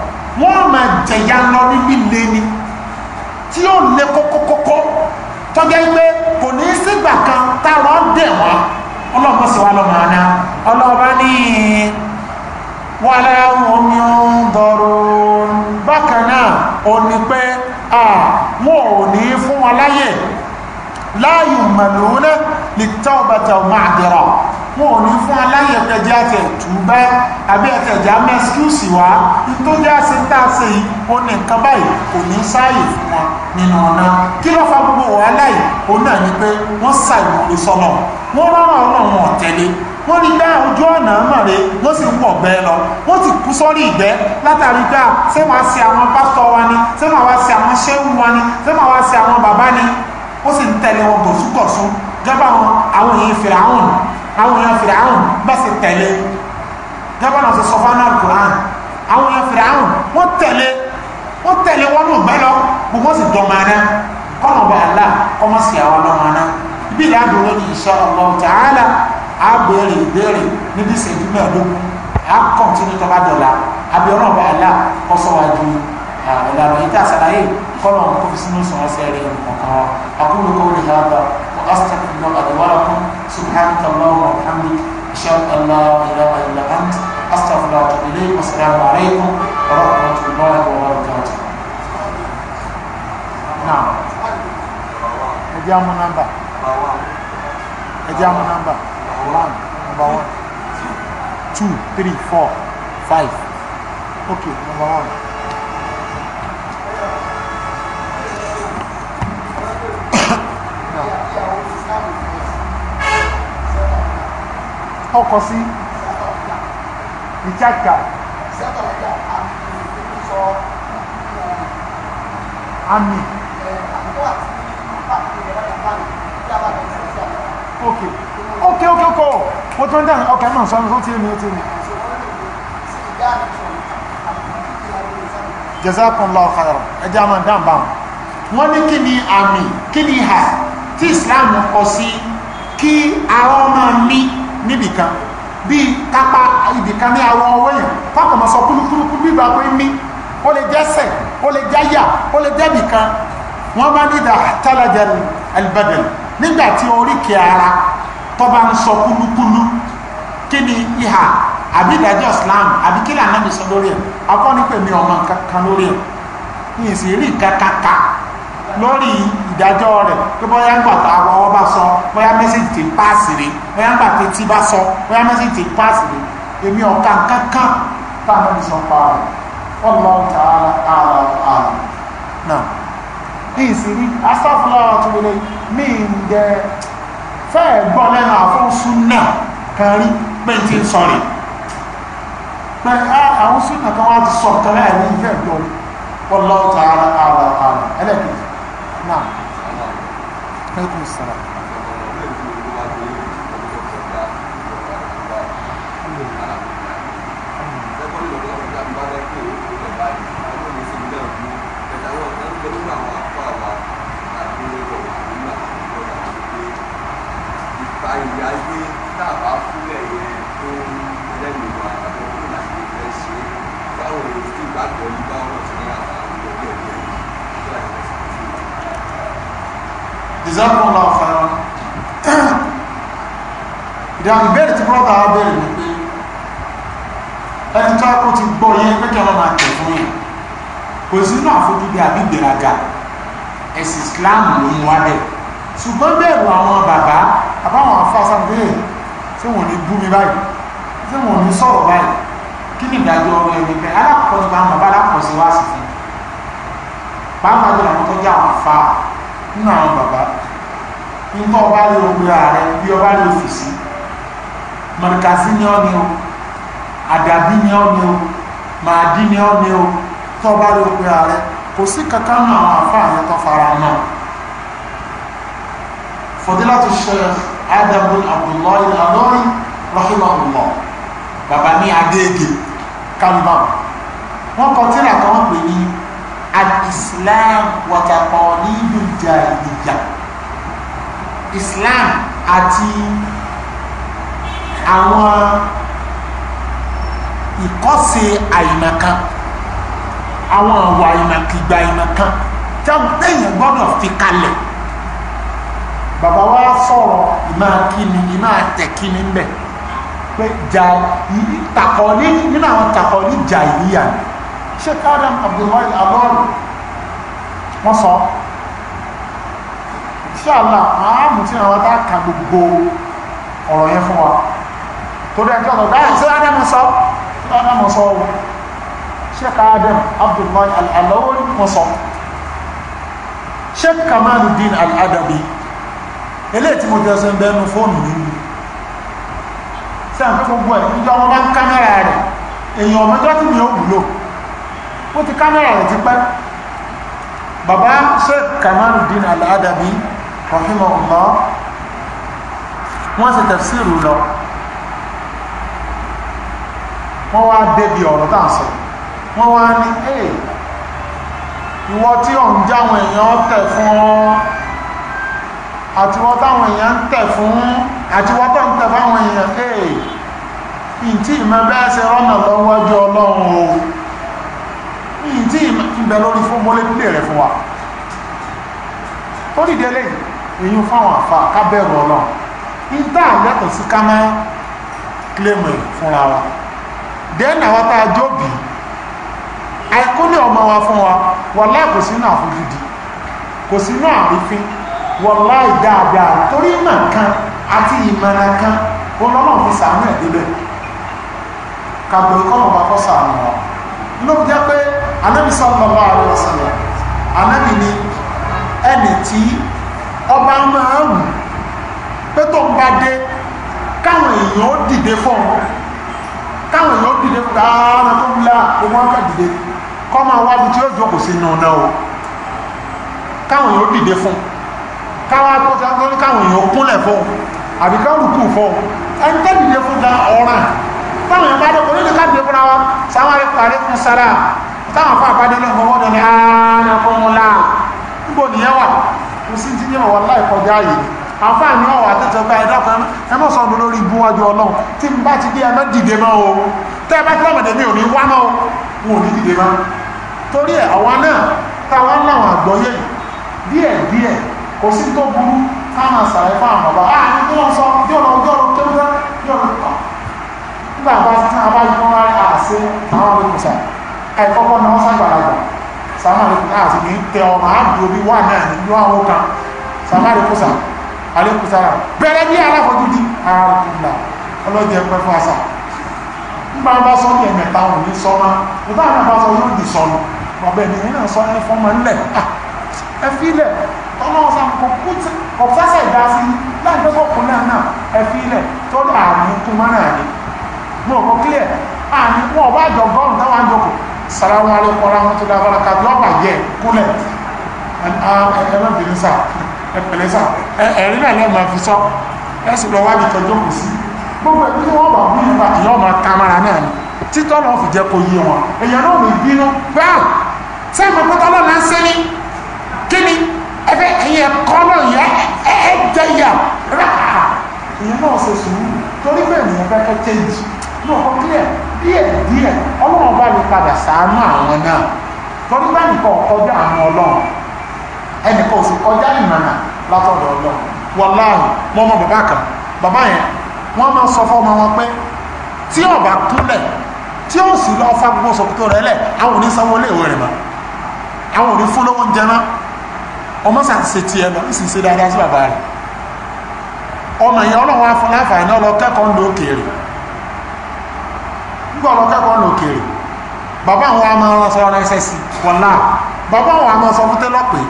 wọ́n máa jẹ̀yà lọ ní líle ni tí ó lé kókókókó tọ́jẹ́ pé kò ní sígbà kan táwọn dẹ̀ wọ́n ọlọ́mọ sí wa lọ́mọ àná ọlọ́ba ní wala hum yunzarun bákan náà ò ní pé à wọn ò ní fún wọn láyè la yumaluna littawbata ma'dira wọn ò ní fún aláyẹ̀ pẹ̀jẹ́ àti ẹ̀tùbẹ́ àbí ẹ̀tẹ̀jẹ́ amẹ́síkúsì wá tó jẹ́ àṣẹ tá a ṣe yìí ó ní nǹkan báyìí kò ní sáàyè fún wọn nínú ọ̀nà kí ló fa gbogbo wàhálà yìí ó náà pé wọ́n ṣàìmọ̀ lè wọ́n rọrùn ọ̀nà wọn tẹ̀lé wọ́n rí gbá ojú ọ̀nà mọ̀re wọ́n sì ń pọ̀ bẹ́ẹ̀ lọ wọ́n sì kú sọ́rí ìgbẹ́ látàrí gbá ṣé màá ṣe àwọn pásítọ̀ wa ni ṣé màá wá ṣe àwọn ṣéwù wa ni ṣé màá wá ṣe àwọn bàbá ni ó sì ń tẹ̀lé wọn gọ̀ṣúgọ̀ṣú jọba wọn àwọn èèyàn fèrè àwọn àwọn èèyàn fèrè àwọn bá sì tẹ̀lé jọba náà sì sọ fún anáà kùrán àwọn èèyàn fèrè àwọn wọ́n tẹ̀lé wọ́n tẹ̀lé wọn ló gbẹ́ lọ gbogbo sì dọ̀mọ̀ aná kọ́nà bá àlá kọ́mọ́sì àwọn ọlọ́mọ aná bí ìlànà lónìí insha Allah ta'ala á béèrè ìbéèrè níbi ìṣẹ́jú mẹ́ẹ̀ẹ́dógún á kọ̀ǹtínú tó bá dọ̀la abiyọ́nà bá yà kọ́sọ́wájú ọ̀làwọ̀ yìí tá a sàlàyé kọ́lọ̀ kó fi sínú sọ̀rọ̀ sẹ́rẹ̀ nǹkan أقول قولي هذا وأستغفر الله لي ولكم سبحانك اللهم وبحمدك أشهد أن لا إله إلا أنت أستغفرك وأتوب إليك والسلام عليكم ورحمة الله وبركاته. نعم. Ẹ jẹ́ àmú nọ́mbà. Ẹ jẹ́ àmú nọ́mbà one number one two three four five okay number one. ọkọ̀ sí ìjáka àmì. mo tó ń dáhùn ọkà náà sọ́nà tó ti èmi ó ti èmi jazakumullahu khairan ẹjẹ́ a máa dáhùn báwọn wọ́n ní kí ni àmì kí ni ìhà tí Islam kọ sí kí àwọn máa mí níbìkan bíi kápá ibìkan ní àwọn ọwọ́ èèyàn pápá sọ kúlúkúlúkú bí ìgbà pé ó lè jẹ́sẹ̀ ó lè jáyà ó lè jẹ́bìkan wọ́n bá ní ìdá tálàjẹ́ albadal nígbà tí oríkèé ara tó ń sọ kúlúkúlú kí ni ìhà àbí ìdájọ́ Islam àbí kí sọ lórí ẹ̀ ọkọ ní pèmí ọmọ kankan lórí ẹ̀ ní ìsìrí kankanka lórí ìdájọ́ rẹ̀ pé bóyá ńgbà tá a wọ ọwọ́ bá sọ bóyá mẹ́sẹ̀jì ti páàsì rè bóyá ńgbà tí tí bá sọ bóyá mẹ́sẹ̀jì ti páàsì rè èmi ọ̀ka kankan tá a náà sọ pa rẹ̀ Allahu ta'ala ààrà ààrà náà ní ìsìrí asáfúláwà tó wọlé mí ń jẹ fẹ́ẹ̀ gbọ́ lẹ́nu àfọ́nsún náà kan rí pé sorry, ń sọ̀rì pé àwọn súnà kan wá ti sọ nǹkan láì ìfẹ́ ìjọ wallahu ta'ala ààrà ààrà ẹlẹ́kẹ̀ẹ́ náà ẹkùn sàrà ìyá ilé náà bá ìgbàgbọ́ yìí bá ọ̀rọ̀ sí ní àwọn ọ̀gbẹ́ ẹ̀gbẹ́ yìí. ìzákùn ọ̀la ọ̀fà ẹ̀rọ ìdáhùn ìbéèrè tí brọ́dà á béèrè ni pé ẹni tó kó ti gbọ́ yẹn Islam ló ń wá bẹ́ẹ̀ ṣùgbọ́n bẹ̀rù àwọn bàbá àbáwọn afásáfẹ́ tí wọ́n ní bú mi báyìí tí wọ́n ní kí ni ìdájọ́ ọ̀rọ̀ ẹni pẹ́ alákọ̀ọ́ ni báwọn bàbá alákọ̀ọ́ sí wá sí fún báwọn àgbẹ̀ àwọn tó jẹ́ àwọn fa nínú àwọn bàbá nígbà ọba lè ogun ààrẹ bí ọba lè fèsì mọ̀rìkàsí ni ọ́ ni o àdàbí ni ọ́ ni o màdí ni ọ́ ni o tó ọba lè ogun ààrẹ kò sí kankan nínú àwọn àfáàní tó fara náà fadilatu Sheikh Adam bin Abdullahi Al-Alawi rahimahullah bàbá ní adéèké kanban wọ́n kọ tírà kan pè ní al-islam wàtàkọ̀ ní ìjà ìjà islam àti àwọn ìkọ́sẹ̀ àìmọ̀kan àwọn àwọ̀ àìmọ̀kìgbà àìmọ̀kan tẹ́yìn gbọ́dọ̀ fi kalẹ̀ bàbá wa sọ̀rọ̀ ìmáa kíni ìmáa tẹ̀ kíni bẹ́ẹ̀ pé jà takọ̀lí nínú àwọn takọ̀lí jà ìlíyà Sheikh Adam Abdullahi alọ́ọ̀lù wọ́n sọ ṣáàlà àámù tí àwọn tá ka gbogbo ọ̀rọ̀ yẹn fún wa tó dẹ́ ẹjọ́ ọ̀dọ̀ ṣe Adam sọ Adam sọ ohun Sheikh Adam Abdullahi alọ́ọ̀lù wọ́n sọ Sheikh Kamaludin AlAdabi. adabi eléyìí tí mo jẹ́ sọ ń bẹ́nu fóònù nínú sáà pé gbogbo ẹ̀ nígbà wọn bá ń kámẹ́rà rẹ̀ èèyàn ọmọ tó ti ní ó wúlò ó ti kámẹ́rà rẹ̀ ti pẹ́ bàbá Sheikh Kamaluddin Al-Adabi rahimahullah wọ́n ṣe tafsiru lọ wọ́n wá débi ọ̀rọ̀ tá à ń sọ wọ́n wá ní ee ìwọ tí ò ń jáwọn èèyàn tẹ̀ fún ọ àtiwọ́ táwọn èèyàn tẹ̀ fún ọ àti wọ́n tán tẹ̀fà àwọn èèyàn ee ìtì ìmọ̀ bẹ́ẹ̀ ṣe rọ́nà lọ́wọ́jọ́ ọlọ́run o ìtì ìbẹ̀ lórí fún mọ́lẹ́kúlẹ̀ rẹ̀ fún wa tó dìde lẹ́yìn èyí fáwọn àfà kábẹ̀rù ọlọ́run ìta àlẹ́tọ̀ sí ká máa kílẹ̀mù wa dẹ́nà wa tá a jóbi àìkúnlẹ̀ wa fún wa wọ́lá kò sínú torí náà kan àti ìmọ̀ràn kan ọlọ́run fi sàánú ẹ̀ débẹ̀ kàgbọ̀n kọ́nà bá kọ́ sàánú wọn ló jẹ́ pé anábì sallallahu alaihi wasallam anábì ni ẹni tí ọba máa ń wù pé tó ń bá dé káwọn èèyàn ó dìde fún ọ káwọn èèyàn ó dìde fún káàánà tó ń la owó ọkọ̀ dìde kọ́ máa wá bí tí ó jókòó sí inú náà o káwọn èèyàn ó dìde fún káwọn akọ́ta káwọn èèyàn ó kúnlẹ̀ fún àbí ká rùkú fún ẹni tẹ́ dìde fún gan ọ̀ràn táwọn èèyàn bá dé kò ní lè ká dìde fúnra wa sáwọn rẹ̀ parí fún sára táwọn afọ àbádé lọ fọwọ́ dọ̀ ní ààrẹ fún un láà níbo nìyẹn wà kò sí ti níwọ̀n wọ́n láì kọjá yìí àfáà ní ọ̀wà àtẹ́tẹ́ bá ẹ̀dá kan ẹ mọ̀ sọ̀rọ̀ lórí ibú wájú ọlọ́run tí n bá ti dé ẹ má dìde mọ́ o tẹ́ ẹ bá tí kò sí tó burú káàmà sàrẹ́ fún àwọn ọba ah, àà ní kí lọ sọ yóò lọ yóò lọ tó lọ yóò lọ kọ nígbà bá tí a bá yí wọn wáyé àṣẹ táwọn ọmọ ìkùsà ẹ̀kọ́kọ́ ni wọ́n sàgbàlagbà sàmàlẹ́kùsà àti ní tẹ ọmọ àbúrò bí wà náà ní yóò àwọn kan sàmàlẹ́kùsà alẹ́kùsára bẹ̀rẹ̀ bí aláfojú di ààrùnlá ọlọ́jẹ́ pẹ́ fún àṣà nígbà bá sọ ní ẹ̀mẹ̀ta òun ní sọ́mọ́ nígbà náà bá sọ yóò dì sọ́nù ọ̀bẹ̀ nìyẹn náà sọ ẹ fọ́mọ ńlẹ̀ ah, ẹ fílẹ̀ ọlọ́run sáà kò kú tí ọ̀fẹ́sẹ̀ ìdá sí láìpẹ́ kọ̀kún náà náà ẹ fi ilẹ̀ tó ààrùn kún mọ́ náà ni mo kọ́ clear àmì wọn ọba àjọ gọ́ọ̀rùn táwọn àjọkù sara wọn alẹ́ kọ́ra wọn tó dábàrà kàbí ọba jẹ kúlẹ̀ ẹlẹ́bìnrin sà ẹpẹ̀lẹ́ sà ẹ̀rí náà lẹ́ẹ̀ máa fi sọ ẹ sì lọ wájú tọjọ́ kù sí gbogbo ẹbí tí wọ́n bá wí nípa ìyá ọmọ kamara náà ni títọ́ náà fi jẹ́ kó yé wọn èèyàn náà lè bínú bẹ́ẹ̀ sẹ́yìn mọ́tò ọlọ́run ń sẹ́ni kí ni ẹbẹ ẹyẹ kọ́nà yẹ ẹjẹ yà ráà ìyẹn náà ṣe sùúrù torí bẹ́ẹ̀ ni ẹbẹ kẹ́ change náà kọ́ clear díẹ̀ díẹ̀ ọlọ́run bá mi padà sàánú àwọn náà torí bá nìkan kọjá àwọn ọlọ́run ẹnìkan oṣù kọjá ìmọ̀nà látọ̀dọ̀ ọlọ́run wọláhùn mọ́mọ́ bàbá kan bàbá yẹn wọ́n máa sọ fọ́ ọmọ wọn pé tí ọba kúnlẹ̀ tí ó sì lọ fa gbogbo lẹ̀ àwọn ò ìwé rẹ̀ mọ́ àwọn ò ní náà ọmọ sàṣẹ tiẹ̀ lọ sì ṣe dáadáa sí bàbá rẹ̀ ọmọ yẹn ọlọ́run afọ láǹfààní ọlọ kẹ́kọ̀ọ́ ńlọ òkèèrè nígbà ọlọ kẹ́kọ̀ọ́ ńlọ òkèèrè bàbá àwọn ọmọ ọlọ sọ ọ̀rọ̀ ẹsẹ̀ sí wọlá bàbá àwọn ọmọ sọ fún tẹ́lọ̀ pé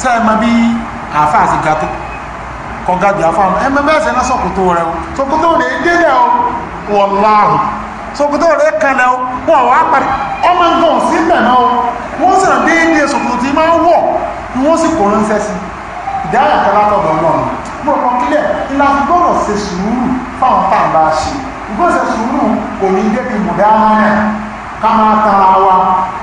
sẹ́ ẹ mọ bí àáfà àti gàtó kọ̀ọ̀gá jù àáfà ẹ mọ bẹ́ẹ̀ sẹ́ ẹ sọ̀kòtò rẹ o sọ̀kòtò rẹ délẹ̀ o wọlá o sọ̀kòtò rẹ kalẹ̀ o wọn wà á parí ọmọ nǹkan sí ni wọ́n sì kò ránṣẹ́ sí ìdáyà kan látọ̀dọ̀ ọlọ́run mo kàn kílẹ̀ ńlá gbọ́dọ̀ ṣe sùúrù fáwọn tá à ń bá ṣe gbọ́dọ̀ ṣe sùúrù kò ní débi mùdámánà ká máa tan ara wa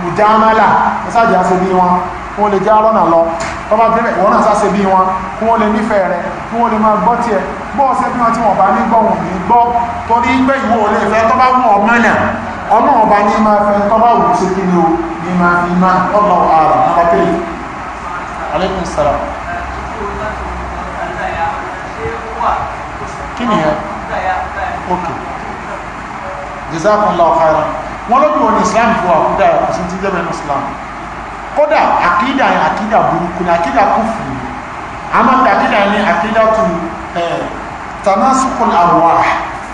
mùdámálà mọ́sáàjì á ṣe bí wọn wọn lè já lọ́nà lọ tọ́ba bẹ̀rẹ̀ ìwọ náà sáṣe bí wọn kí wọ́n lè nífẹ̀ẹ́ rẹ kí wọ́n lè máa gbọ́ tiẹ̀ gbọ́ ọ̀sẹ̀ bí wọn tí wọ́n bá ní gbọ́ wọn ní gbọ́ torí pé ìwọ ò lè fẹ́ tọ́ba wọn ọmọ náà ọmọ ọba ní máa fẹ́ tọ́ba wù ú ṣe kí ni o ní máa fi máa ọlọ́ọ̀ ààrùn ọba tẹ́lẹ̀ aleykum السلام. kí ni yẹn جزاك الله khairan wọn lójú wọn ní islam fún àkúdà kò sí ti jẹ́ mẹ́nu islam kódà àkídà yẹn àkídà burúkú ni àkídà kúfù ni àmọ́ àkídà yẹn ni àkídà tu tanasukul arwah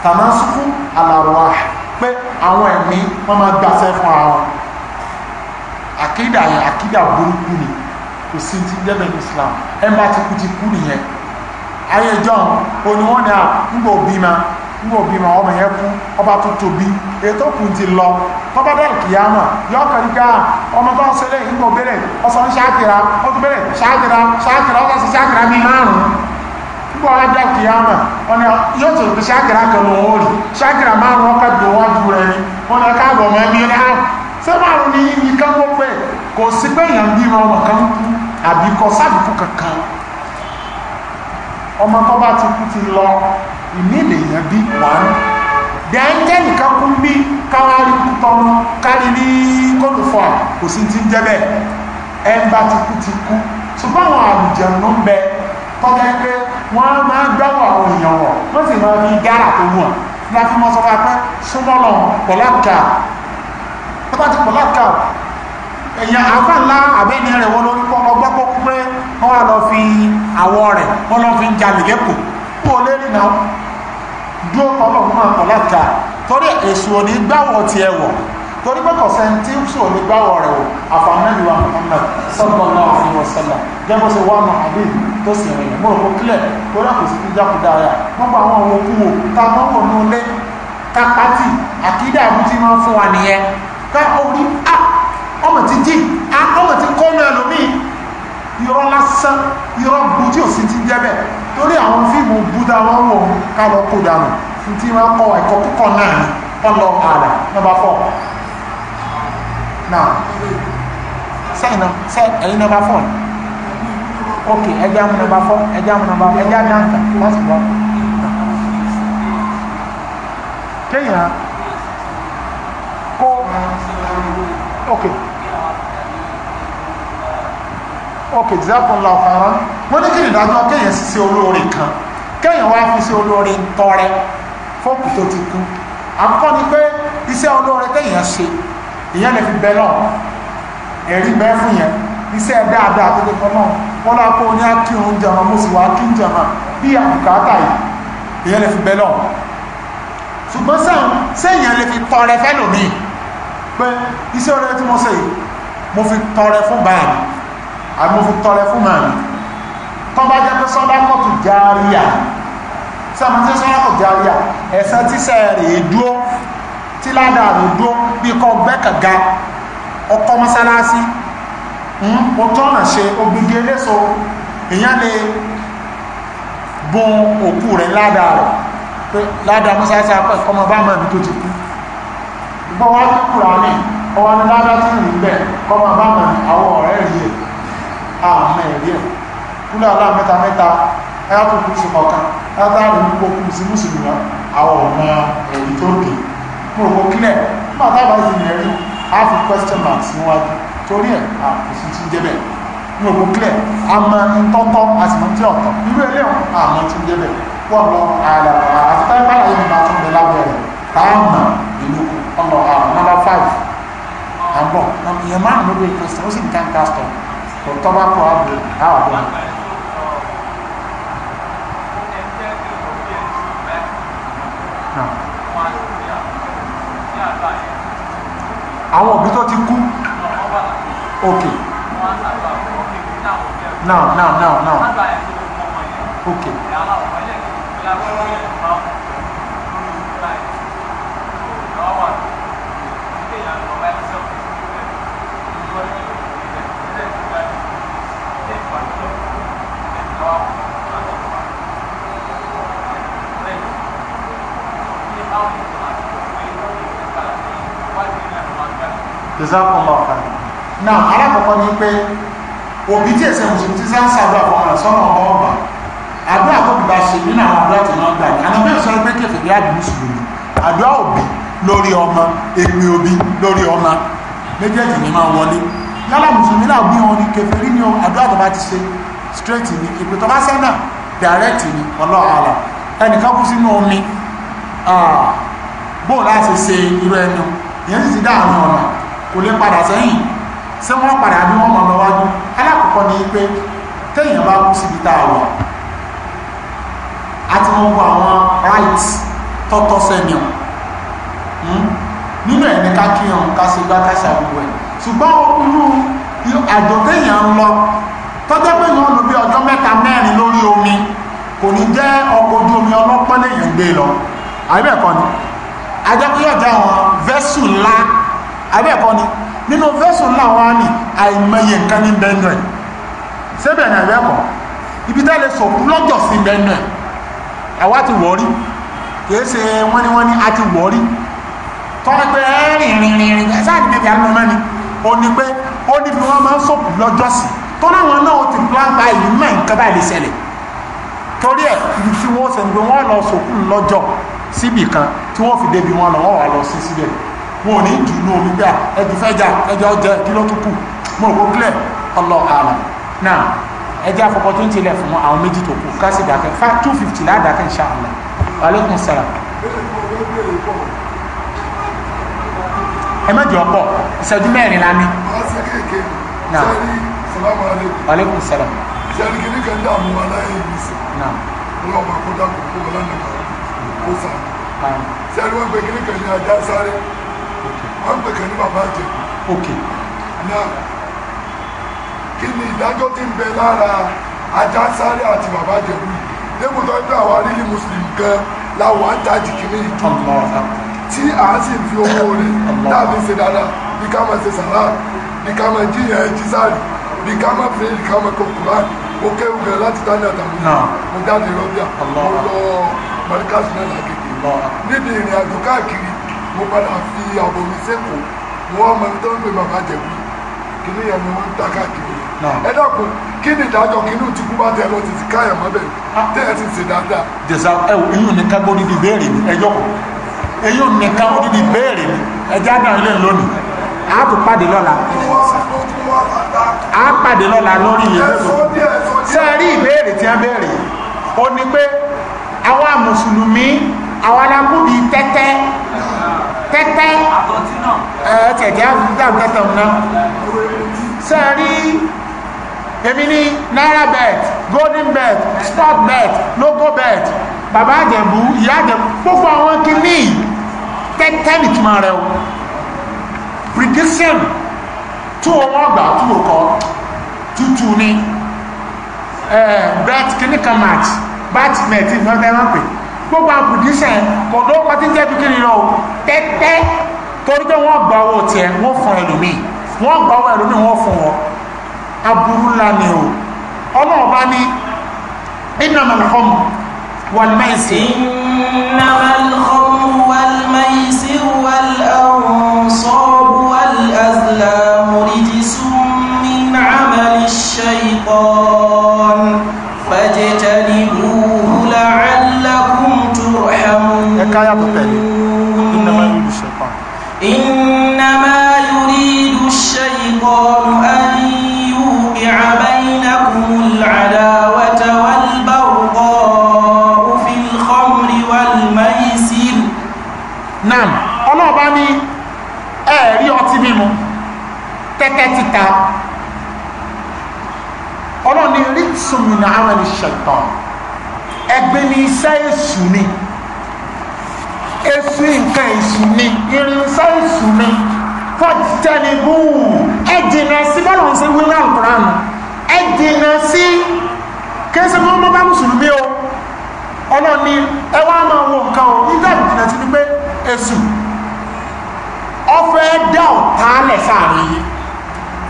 tanasukul arwah pé àwọn ẹ̀mí wọ́n máa gbàṣẹ́ fún àwọn àkídà yẹn àkídà burúkú ni kò sí ti jẹ́bẹ̀ islam ẹ bá ti kú ti kú nìyẹn ayé john oníwọ́n ni a ńgbò bímọ ńgbò bímọ ọmọ yẹn kú ọba tó tóbi ètò kù ti lọ tọ́ba dẹ́rù kìyàmọ̀ yọ kàrí ká ọmọ tó ń ṣẹlẹ̀ ńgbò bẹ̀rẹ̀ ọsàn ṣáàkìrà ó tún bẹ̀rẹ̀ ṣáàkìrà ṣáàkìrà ọsàn sí ṣáàkìrà bíi márùn-ún ńgbò ọba dẹ́rù kìyàmọ̀ wọn ni yóò tó fi ṣáàkìrà kan lọ wọ́n rí ṣáàkìrà márùn-ún ọkọ̀ dùn wájú rẹ̀ ni wọn àbíkọ sábùkù kankan ọmọ tó bá ti kú ti lọ ìmí lèèyàn bí wàánù dẹ́ńjẹ́ nìkan kú bí káwárí kú tọ́nu kárí ní kólùfọ́ kò sí ti ń jẹ́ bẹ́ẹ̀ ẹ ń bá ti kú ti kú ṣùgbọ́n àwọn àlùjẹ̀nu ń bẹ tọ́jà pé wọ́n á máa gbẹ́wọ̀ àwọn èèyàn wọ̀ wọ́n sì máa fi gárà tó wù ọ́ láti mọ́ sọ́ra pé súnmọ́ lọ pọ̀láàkà èèyàn afa ńlá àbẹ́ni rẹ̀ wọ́n lórí kọ́ ọgbọ́n kó pé wọ́n wá lọ fi àwọ̀ rẹ̀ wọ́n lọ fi ń jalè lẹ́kọ̀ọ́ kó o lè rìnà dúró kọ́ lọ́wọ́ máa kọ̀ láta torí èso òní gbáwọ̀ tiẹ̀ wọ̀ torí pé kọ̀sẹ̀ tí sùn òní gbáwọ̀ rẹ̀ wò àfàmẹ́lì wa Muhammad sallallahu alaihi wasallam jẹ́kọ́ sí wàhánu habib tó sì rìn mọ́ òkú clear torí àkùsí fi jákúdá rẹ̀ nípa àwọn ohun okú wò tá a mọ́ wò ní ilé kápátì àkídà àbújí máa ń fún wa nìyẹn ká orí ah, ọmọ ti jí ọmọ ti kọ́nà ẹlòmí irọ́ lásán irọ́ bu tí ò sí ti jẹ́ bẹ́ẹ̀ torí àwọn fíìmù buda wọn wò ká lọ kó dànù tí wọn kọ ẹ̀kọ́ púpọ̀ náà ni ọlọ ààrẹ nọmba fọ náà sẹ́yìn náà sẹ́yìn ẹ̀yìn nọmba fọ ok ẹjẹ́ àmì nọmba fọ ẹjẹ́ àmì nọmba fọ ẹjẹ́ àmì àǹkà láti wọ́n kéèyàn kó ok ok jazakumullah khairan wọ́n ní kí ni ìdájọ́ kéèyàn sì ṣe olóore kan kéèyàn wá fi ṣe olóore ń tọrẹ fọ́ọ̀kù tó ti kú àkọ́kọ́ ni pé iṣẹ́ olóore kéèyàn ṣe ìyẹn lè fi bẹ náà ẹ̀rí bẹ́ fún yẹn iṣẹ́ dáadáa tó kọ́kọ́ náà wọ́n lọ kó ní akírun jama mo sì wá kí n jama bí àbùkátà yìí ìyẹn lè fi bẹ náà ṣùgbọ́n sáà sẹ́yìn lè fi tọrẹ fẹ́lòmíì pé iṣẹ́ olóore tí mo ṣe yìí mo fi tọrẹ fún báyìí àmọ́ fi tọrẹ fún màmí tó bá jẹ́ pé sọ́dákọ̀tù járíà sọ́mọ tí sọ́dákọ̀tù járíà ẹ̀sán tíṣẹ́ rẹ̀ dúó tí ládàá rẹ̀ dúó bí kọ́ gbẹ́kànga ọkọ̀ mọ́sálásí mo hmm, tọ́nà ṣe obìnrin eléso èèyàn lè bùn òkú rẹ̀ ládàá rẹ̀ pé ládàá mọ́sálásí apẹ́ ọmọ bá mọ̀ ibi tó ti kú gbọ́n wá kúrò àmì ọwọ́ ni ládàá tún rí bẹ́ẹ̀ kọ́ àmọ́ ẹ̀rí ẹ̀ kúlẹ̀ ọlá mẹ́ta mẹ́ta ayatul kùsù kọ̀ọ̀kan látàrí wípé kùn sí mùsùlùmí àwọn ọ̀nà ẹ̀rí tó dé gbogbo kílẹ̀ nígbà tábà sí ilẹ̀ rí a fi question mark síwájú torí ẹ̀ àkùsù ti jẹ́ bẹ́ẹ̀ gbogbo kílẹ̀ a mọ ntọ́tọ́ a sì mọ tí ọ̀tọ̀ irú ẹlẹ́wọ̀n àmọ́ ti jẹ́ bẹ́ẹ̀ wọ́n lọ àlà àti táyipá yìí ni màá tún bẹ lábẹ́ rẹ̀ táàmà ìlú ọlọ́ àmọ́ nọ́mbà five àbọ̀ ìyẹn máa ń lórí question ó sì ń kàn kásítọ̀ tọ́ba kọ́ àbò àbò. àwọn òbí tó ti kú ok now now now now ok. jazakumullahu khairan náà alákọ̀ọ́kọ́ ni pé òbí tí èsè mùsùlùmí ti sá ń sàdúrà fún ọmọ rẹ̀ sọ́nà ọmọ ọba àdúrà tó bìbá ṣe nínú àwọn àdúrà tó náà gbà àná bẹ́ẹ̀ sọ pé kẹfì bí àdúrà mùsùlùmí àdúrà òbí lórí ọmọ èpè òbí lórí ọmọ méjèèjì ni máa wọlé yálà mùsùlùmí náà gbé wọn ni kèfèrí ni àdúrà tó bá ti ṣe straight ni ìpè tó bá sẹ́nà direct ni ọlọ́ọ̀ọ́lá ẹnìkan kú sínú omi ah, bóòlù láti ṣe irú ẹnu ìyẹn sì ti dá àwọn ọ̀nà kò lè padà sẹ́yìn ṣé wọ́n padà bí wọ́n mọ̀ lọ́wájú alákọ̀ọ́kọ́ ni pé téèyàn bá kú síbi tá a wà á ti mọ̀ wọ àwọn right tọ́tọ́ sẹ́yìn hmm? nínú ẹ̀ ní ká kí ọ̀hún ká ṣe gbá ká ṣàwùwẹ̀ ṣùgbọ́n irú àjọ téèyàn ń lọ tọ́jọ́ pé yàn lò bí ọjọ́ mẹ́ta mẹ́rin lórí omi kò ní jẹ́ ọkọ̀ ojú omi ọlọ́pọ̀ lèèyàn gbé lọ àbẹ́ẹ̀kọ́ ni ajá pé àwọn vẹ́sù ńlá àbẹ́ẹ̀kọ́ ni nínú vẹ́sùn náà wá ní àìmọye nǹkan ní bẹ́ẹ̀nù ẹ̀ sẹ́bẹ̀ ní àbẹ́ẹ̀kọ́ ibi tá lè sọ̀kú lọ́jọ́ sí bẹ́ẹ̀nù ẹ̀ àwa ti wọ̀ rí kìí ṣe wọ́n ní wọ́n ní a ti wọ̀ rí tọ́pẹ́ pé rìn rìn rìn rìn sáà ní bèbè àlọ́ náà ni ó ní pé ó ní bí wọ́n máa ń sọ̀kú lọ́jọ́ sí tọ́lá wọn náà ti plan báyìí mẹ́ nǹkan báyìí lè ṣẹlẹ̀ torí ẹ̀ ibi tí wọ́n sẹ́ni pé wọn ò ní jù ní omi gbà ẹjù fẹjà ẹjọ jẹ kí ló tún mo kó clear Allah àlà náà ẹjẹ àfọkọ tó ń tilẹ̀ fún àwọn méjì tó kù ká sì dákẹ́ fa two fifty ládàkẹ́ insha Allah aleykum salam. ẹ má jọ pọ ìṣẹ́jú mẹ́rin la ní. náà aleykum salam. sẹ́ni kìíní kan dààmú aláyé mi sè. náà wọ́n máa kó dàgbò kó wọ́n lánàá kó sàn. sẹ́ni wọ́n gbé kìíní kan ní ajá sáré wọ́n ń pè kàn bàbá ìjẹ̀bú. ok. náà kí ni ìdájọ́ tí ń bẹ lára ajá sáré àti bàbá ìjẹ̀bú yìí débò tó ń pè àwọn arílì mùsùlùmí gan láwọn àtàjì kìíní ìjọ tí a sì fi owó rẹ̀ dábì ṣe dáadáa bí ká máa ṣe sàrà bí ká máa jíyàn ẹjí sáré bí ká máa fi ká máa kọ kùránì mo kéwù gan láti dání àtàwọn mo jáde rọ́bíà mo lọ mọ̀ríkà sílẹ̀ lágbègbè níbi ìrìn àjò káàkiri mo padà fi àbò mi sẹ́kọ̀ọ́ mo wá mọ ibi tó ń pè bàbá jẹ̀bi kínní yẹn mo ń ta káàkiri ẹ dákun kí ni ìdájọ́ kínní tí kú bá tẹ lọ ti ti káyà mọ́bẹ̀ ah. tẹ́ ẹ ti ṣe dáadáa. jẹ̀sà ẹ wò eyín ní ká gbódìdì béèrè mi ẹjọ́ kù eyín ní ká gbódìdì béèrè mi ẹjẹ́ àdáhùn ilé lónìí. a tún pàdé lọ́la a pàdé lọ́la lórí ìyẹn sẹ́ẹ̀rí ìbéèrè tí a béèrè ó ní pé àwa mùsùlùmí àwa la tẹ́tẹ́ tẹ́tẹ́ ẹ̀ẹ́tẹ̀ẹ̀dẹ́ àfihàn tẹ́tẹ̀ ọ̀nà sẹ́ẹ̀rí èmi ní náírà bet golden bet sport bet logo bed. bàbá àjẹ̀bú ìyá àjẹ̀bú gbogbo àwọn kìíní tẹ́tẹ́ nìtumọ̀ rẹ̀ o prediction tí wọ́n wọ́n gbà tí wọ́n kọ́ tútù ní bet kìíní kan match bat net ní ọ̀dẹ́ wọn pè gbogbo àpùdíṣẹ̀ kọ̀dọ̀ pàtí jẹ́ dúkìrì lọ tẹ́tẹ́ torí pé wọ́n gba owó tiẹ̀ wọ́n fún ẹlòmíì wọ́n gba owó ẹlòmíì wọ́n fún wọn aburú ńlá ni o ọlọ́run bá ní innamal khamr wal maisir. innamal khamr wal maisir wal ansab. kí àyà tó tẹ̀lé innama yuridu shaytan. innama yuridu shaytan an yuqi'a baynakumul adawata wal baghdha'a fil khamri wal maisir. naam ọlọ́ọ̀bá ní ẹ̀ẹ́rí ọtí mímu tẹ́tẹ́ títa ọlọ́ọ̀ni rí sùnmùnà àwọn ẹni ṣẹ̀tàn ẹgbẹ́ ní iṣẹ́ èṣù ni. Shaytan, sí nǹkan èṣù ni irinṣẹ́ èṣù ni fọ́jítẹ́ni búù ẹ jìnà sí bọ́lọ̀ sí wí náà kúrán ẹ jìnà sí kéésì mọ́ mọ́ bá mùsùlùmí o ọlọ́ni ẹ wá máa wọ nǹkan o nígbà jìnà sí ni pé èṣù ọfẹ́ dá ọ̀tálẹ̀ sáàrin yìí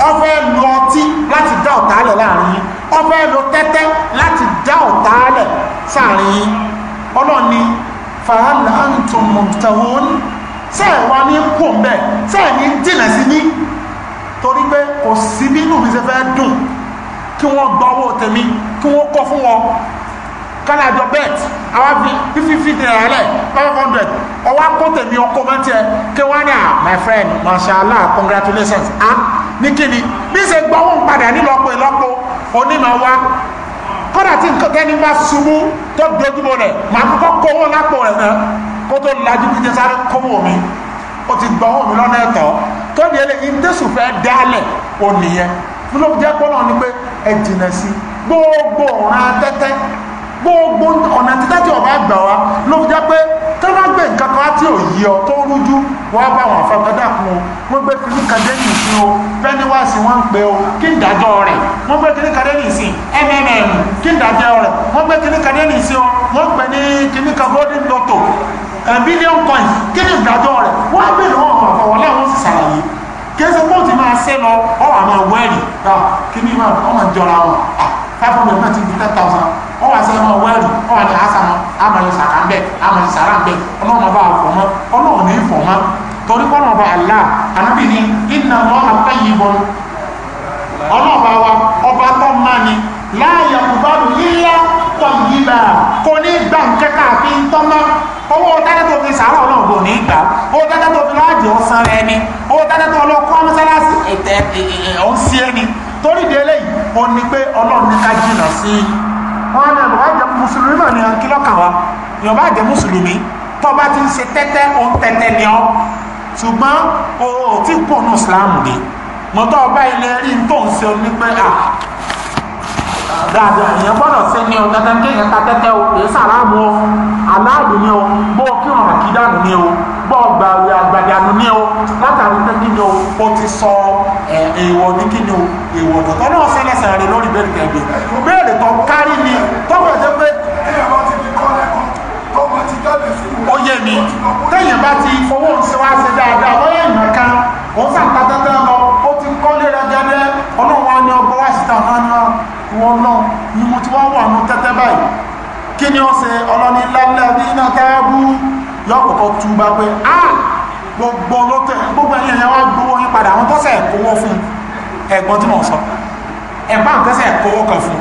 ọfẹ́ lu ọtí láti dá ọ̀tálẹ̀ láàrin yìí ọfẹ́ lu tẹ́tẹ́ láti dá ọ̀tálẹ̀ sáàrin yìí ọlọ́ni fàhálà àǹtùn mọ̀tàwọn sẹ́ẹ̀ wá ní kò mẹ́ sẹ́ẹ̀ ní jìnà sí ní torí pé kò sí nínú mi ṣe fẹ́ dùn kí wọ́n gba owó kí wọ́n kọ́ fún wọn kálá àjọ bẹ́ẹ̀t fi fífi fi tẹ̀lé rẹ̀ five hundred ọwọ́ akọ́tẹ̀ ọkọ̀ máa kí wọ́n ní à ah, my friend mashallah congratulations ah ní kíni bí ṣe gbọ́ wọn padà nílọ́pọ̀ ìlọ́pọ̀ onímọ̀ wá kọ́dà tí nǹkan kẹ́ni bá ṣubú tó dojúmọ́ rẹ̀ màá kọ́kọ́ kó wọn lápò rẹ̀ náà kó tó lajú kí jẹ́ sáré kọ́wọ́ mi ó ti gbọ́ wọn mi lọ́nà ẹ̀tọ́ tó ní ẹlẹ́yìn tẹ̀sù fẹ́ dálẹ̀ ò nìyẹn fún ló jẹ́ pọ́nà ni pé ẹ jìnà sí gbogbo ọ̀ràn tẹ́tẹ́ gbogbo ọ̀nà títẹ́ tí ọba gbà wá ló jẹ́ pé tó bá gbé nǹkan kan tí ò yí ọ tó rújú wọ́n bá wọn àfọkọ́dá kún o wọ́n gbé kiri kàdẹ́nì sí o pẹ́niwáàsì wọ́n ń pe o kí ń dájọ́ rẹ̀ wọ́n gbé kiri kàdẹ́nì sí mmm kí ń dájọ́ rẹ̀ wọ́n gbé kiri kàdẹ́nì sí o wọ́n pè ní kiri kan golden lotto billion coins kí ni ìdájọ́ rẹ̀ wọ́n á bèèrè wọn àwọn àfọwọ́ láwọn sì ṣàlàyé kí ẹ sọ pé ó ti máa ṣẹ́ lọ ọ àmọ́ wẹ́ẹ̀rì kí ni ọmọ ìjọra wọn five hundred náà ti di ten thousand wọ́n wá sí ẹ̀ máa wẹ́ẹ̀lì wọ́n wá ní asanu amọ̀yẹ sàrà ń bẹ̀ amọ̀yẹ sàrà ń bẹ̀ ọlọ́run bá fọmọ ọlọ́run ní fọmọ torí kọ́nà bá Allah ànábì ní iná lọ́ àpẹ́ yìí bọ́n ọlọ́run bá wa ọba tó máa ní láàyè kùbárù yíyá tọ̀ yìí bá kò ní gbà ń kẹ́kẹ́ àfi ń tọ́mọ́ owó dáadáa tó fi sàrà ọlọ́run kò ní gbà owó dáadáa tó fi láàjọ ọ̀sán rẹ ni owó dáadáa tó ọlọ́kọ́ mọ́sálásí ọ̀ torí di eléyìí ó ní pé ọlọ́run ní ká jìnà sí i wọ́n ní ọba jẹ́ mùsùlùmí mà ní kí lọ́kàn wa ní ọba jẹ́ mùsùlùmí tó ti ń ṣe tẹ́tẹ́ òun tẹ́tẹ́ ni ọ́ ṣùgbọ́n o ò tí kò nù ìsìláàmù ni mo tọ́ ọba ilẹ̀ rí tó ń ṣe ní pé à ah, dáadáa èèyàn gbọ́dọ̀ ṣe ni ọ dandan kéèyàn ta tẹ́tẹ́ o kì í sàrámù o aláàbò ni o bó kí ọ̀ràn kí dànù ni o gbọ́ ọgbà àgbàdànù ní o látàrí pé kí ni o ó ti sọ èèwọ̀ ní kí ni o èèwọ̀ tọ̀tọ̀ náà ṣe lẹ́sẹ̀ rẹ lórí bẹ́ẹ̀ tẹ̀gbẹ̀ béèrè tó kárí ni tọ́kọ̀ jẹ́ pé ó yé mi téèyàn bá ti fowó ń ṣe wá ṣe dáadáa bóyá ìmọ̀ kan òun sàǹtà dandan lọ ó ti kọ́lé rẹ gẹ́gẹ́ ọlọ́run wa ni ọgbọ́n wá síta wọn náà wọn náà ni mo ti wá wà nù tẹ́tẹ́ báyìí kí ni ó ṣe ọlọ́ni lálẹ́ bí iná tábú yọ́kọ̀kọ́ tú bá pé á ah, gbogbo lótẹ̀ gbogbo ẹ̀yìn ẹ̀yà wá gbowó yín padà àwọn tọ́sẹ̀ kówó fún ẹ̀gbọ́n tí mò ń sọ ẹ̀gbọ́n àwọn tọ́sẹ̀ kówó kan fún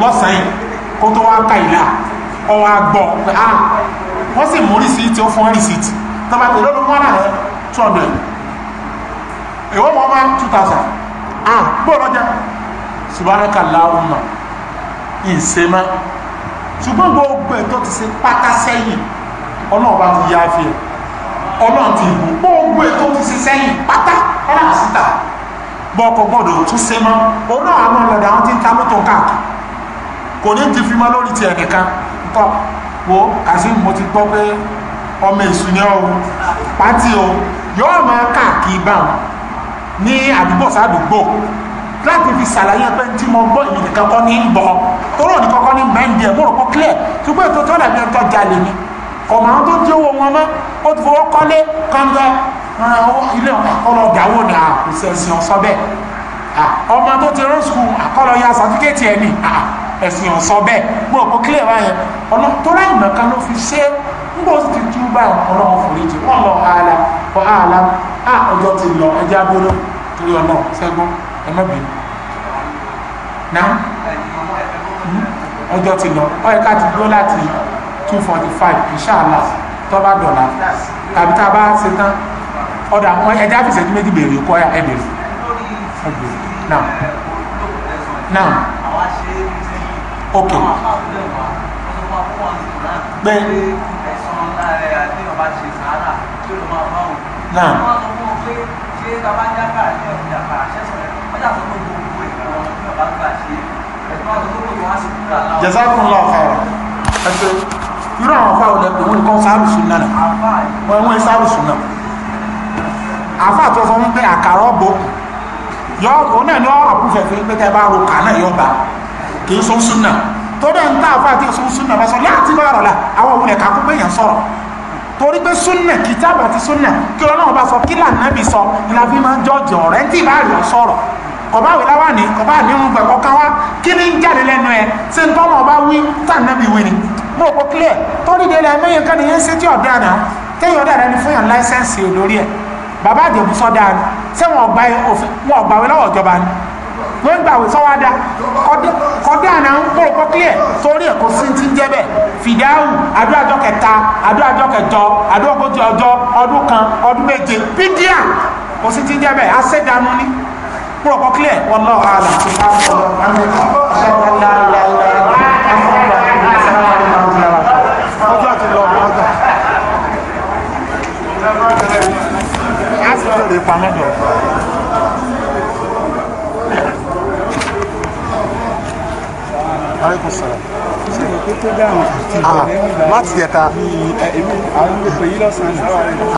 lọ́sàn yìí kó tó wá ka ìlà ọwọ́ àgbọ̀ pé á ah, wọ́n sì mú rìsíìtì ó fún rìsíìtì tọ́ba pé lọ́dún wọn náà two hundred èwo mọ́ máa two thousand á ah, gbọ́dọ̀ jẹ́ subhanakallahumma ìsèmá ṣùgbọ́n gbogbo ẹ̀ ti ṣe pátá sẹ́yìn ọlọ́run bá ti yá fi ọlọ́run ti bù gbogbo ètò ti ṣe sẹ́yìn pátá ọlọ́run síta bọ́ọ̀kọ̀ gbọ́dọ̀ tún ṣe mọ́ òun náà àwọn ọlọ́dẹ àwọn tí ń ta mọ́tò káàkiri kò ní ti fi mọ́ lórí ti ẹ̀nìkan tọ́ wo Kazeem mo ti gbọ́ pé ọmọ ìsúnyẹ́ o pátí o yóò máa káàkiri báwọn ní àdúgbò sádùgbò láti fi ṣàlàyé pé tí mo gbọ́ ìyìn nìkan kọ́ ní bọ́ toró nìkan kọ́ ní bẹ́ẹ̀ ń bí ẹ̀ mo rò pé clear ṣùgbọ́n ètò tó dàbí ẹjọ́ jalè ni ọmọ àwọn tó jẹ́ owó wọn mọ́ ó ti fowó kọ́lé kọ́ńtà ah, ilé ọkọlọ gàwó ni ah, ẹ̀sìn ọ̀sọ́ bẹ́ẹ̀ ah, ọmọ tó ti rán sùkúù àkọlọ ya sàtíkẹ́tì ẹ̀ ni ẹ̀sìn ọ̀sọ́ bẹ́ẹ̀ mo ò kó kílẹ̀ báyẹn ọ̀nà tó láì mọ̀ká ló fi ṣe nígbà ó sì ti tú bá ọlọ́run foríjì wọ́n lọ ààlà wọ́n ààlà á ọjọ́ ti lọ ẹjẹ́ abúlé torí ọ̀nà ṣẹ́gun ẹ má bínú náà hmm? ọjọ́ ti lọ ọ̀ẹ́ká ti dúró láti two forty five inshallah tó bá dọ̀là tàbí tá a bá ṣe tán ọ̀dà wọn ẹja fi ṣẹ́jú méjì béèrè kọ́ ẹ béèrè náà náà ok pé náà jazakumullahu khairan irú àwọn afá olè pé wọn kọ́ sáàrù súnà nà wọn wọn sáàrù súnà afá tó sọ wọn pé àkàrà ọ̀bọ yọ òun náà ni ọ àpúfẹ̀ fún pé tẹ́ bá ro kà náà yọ gbà kì í sọ súnà tó dẹ̀ ń tà afá àti ìsọ súnà bá sọ láti bá rọ̀ la àwọn òun lè kó pé sọ̀rọ̀ torí pé súnà kìtàbù àti súnà kí ọlọ́run bá sọ kí lànàbì sọ ìlà máa ń jọ́jọ́ rẹ̀ tí ìbá rẹ̀ sọ̀rọ̀ kọba wìlá wà ní kọba nínú gbẹ̀kọ́ kan kí ni ń jáde lẹ́nu ẹ̀ ṣé ń tọ́nà ọba wí tànàbì wí ni mo kò clear torí de la mẹ́yìn kan nìyẹn ṣe tí ọ̀dà náà téèyàn dáadáa ni fún yàn láísẹ̀nsì lórí ẹ̀ bàbá àjẹ̀bù sọ́dà ni ṣé wọn ọgbà òfin wọn ọgbàwé lọ́wọ́ ìjọba ni wọ́n ń gbàwé sọ́wádà kọ́dà náà ń kó kó clear torí ẹ̀ kò sí ti ń jẹ́ bẹ́ẹ̀ fìdáhù àdó àjọ kẹta àdó àjọ kẹjọ àdó ogójì ọjọ́ ọdún kan ọdún méje pídíà kò sí ti ń jẹ́ bẹ́ẹ̀ aṣẹ́dànù ni kó kó clear wallahu a'lam lè pa lọ́dọ̀. láti jẹta. èmi àwọn olùkọ́ yìí lọ́sàn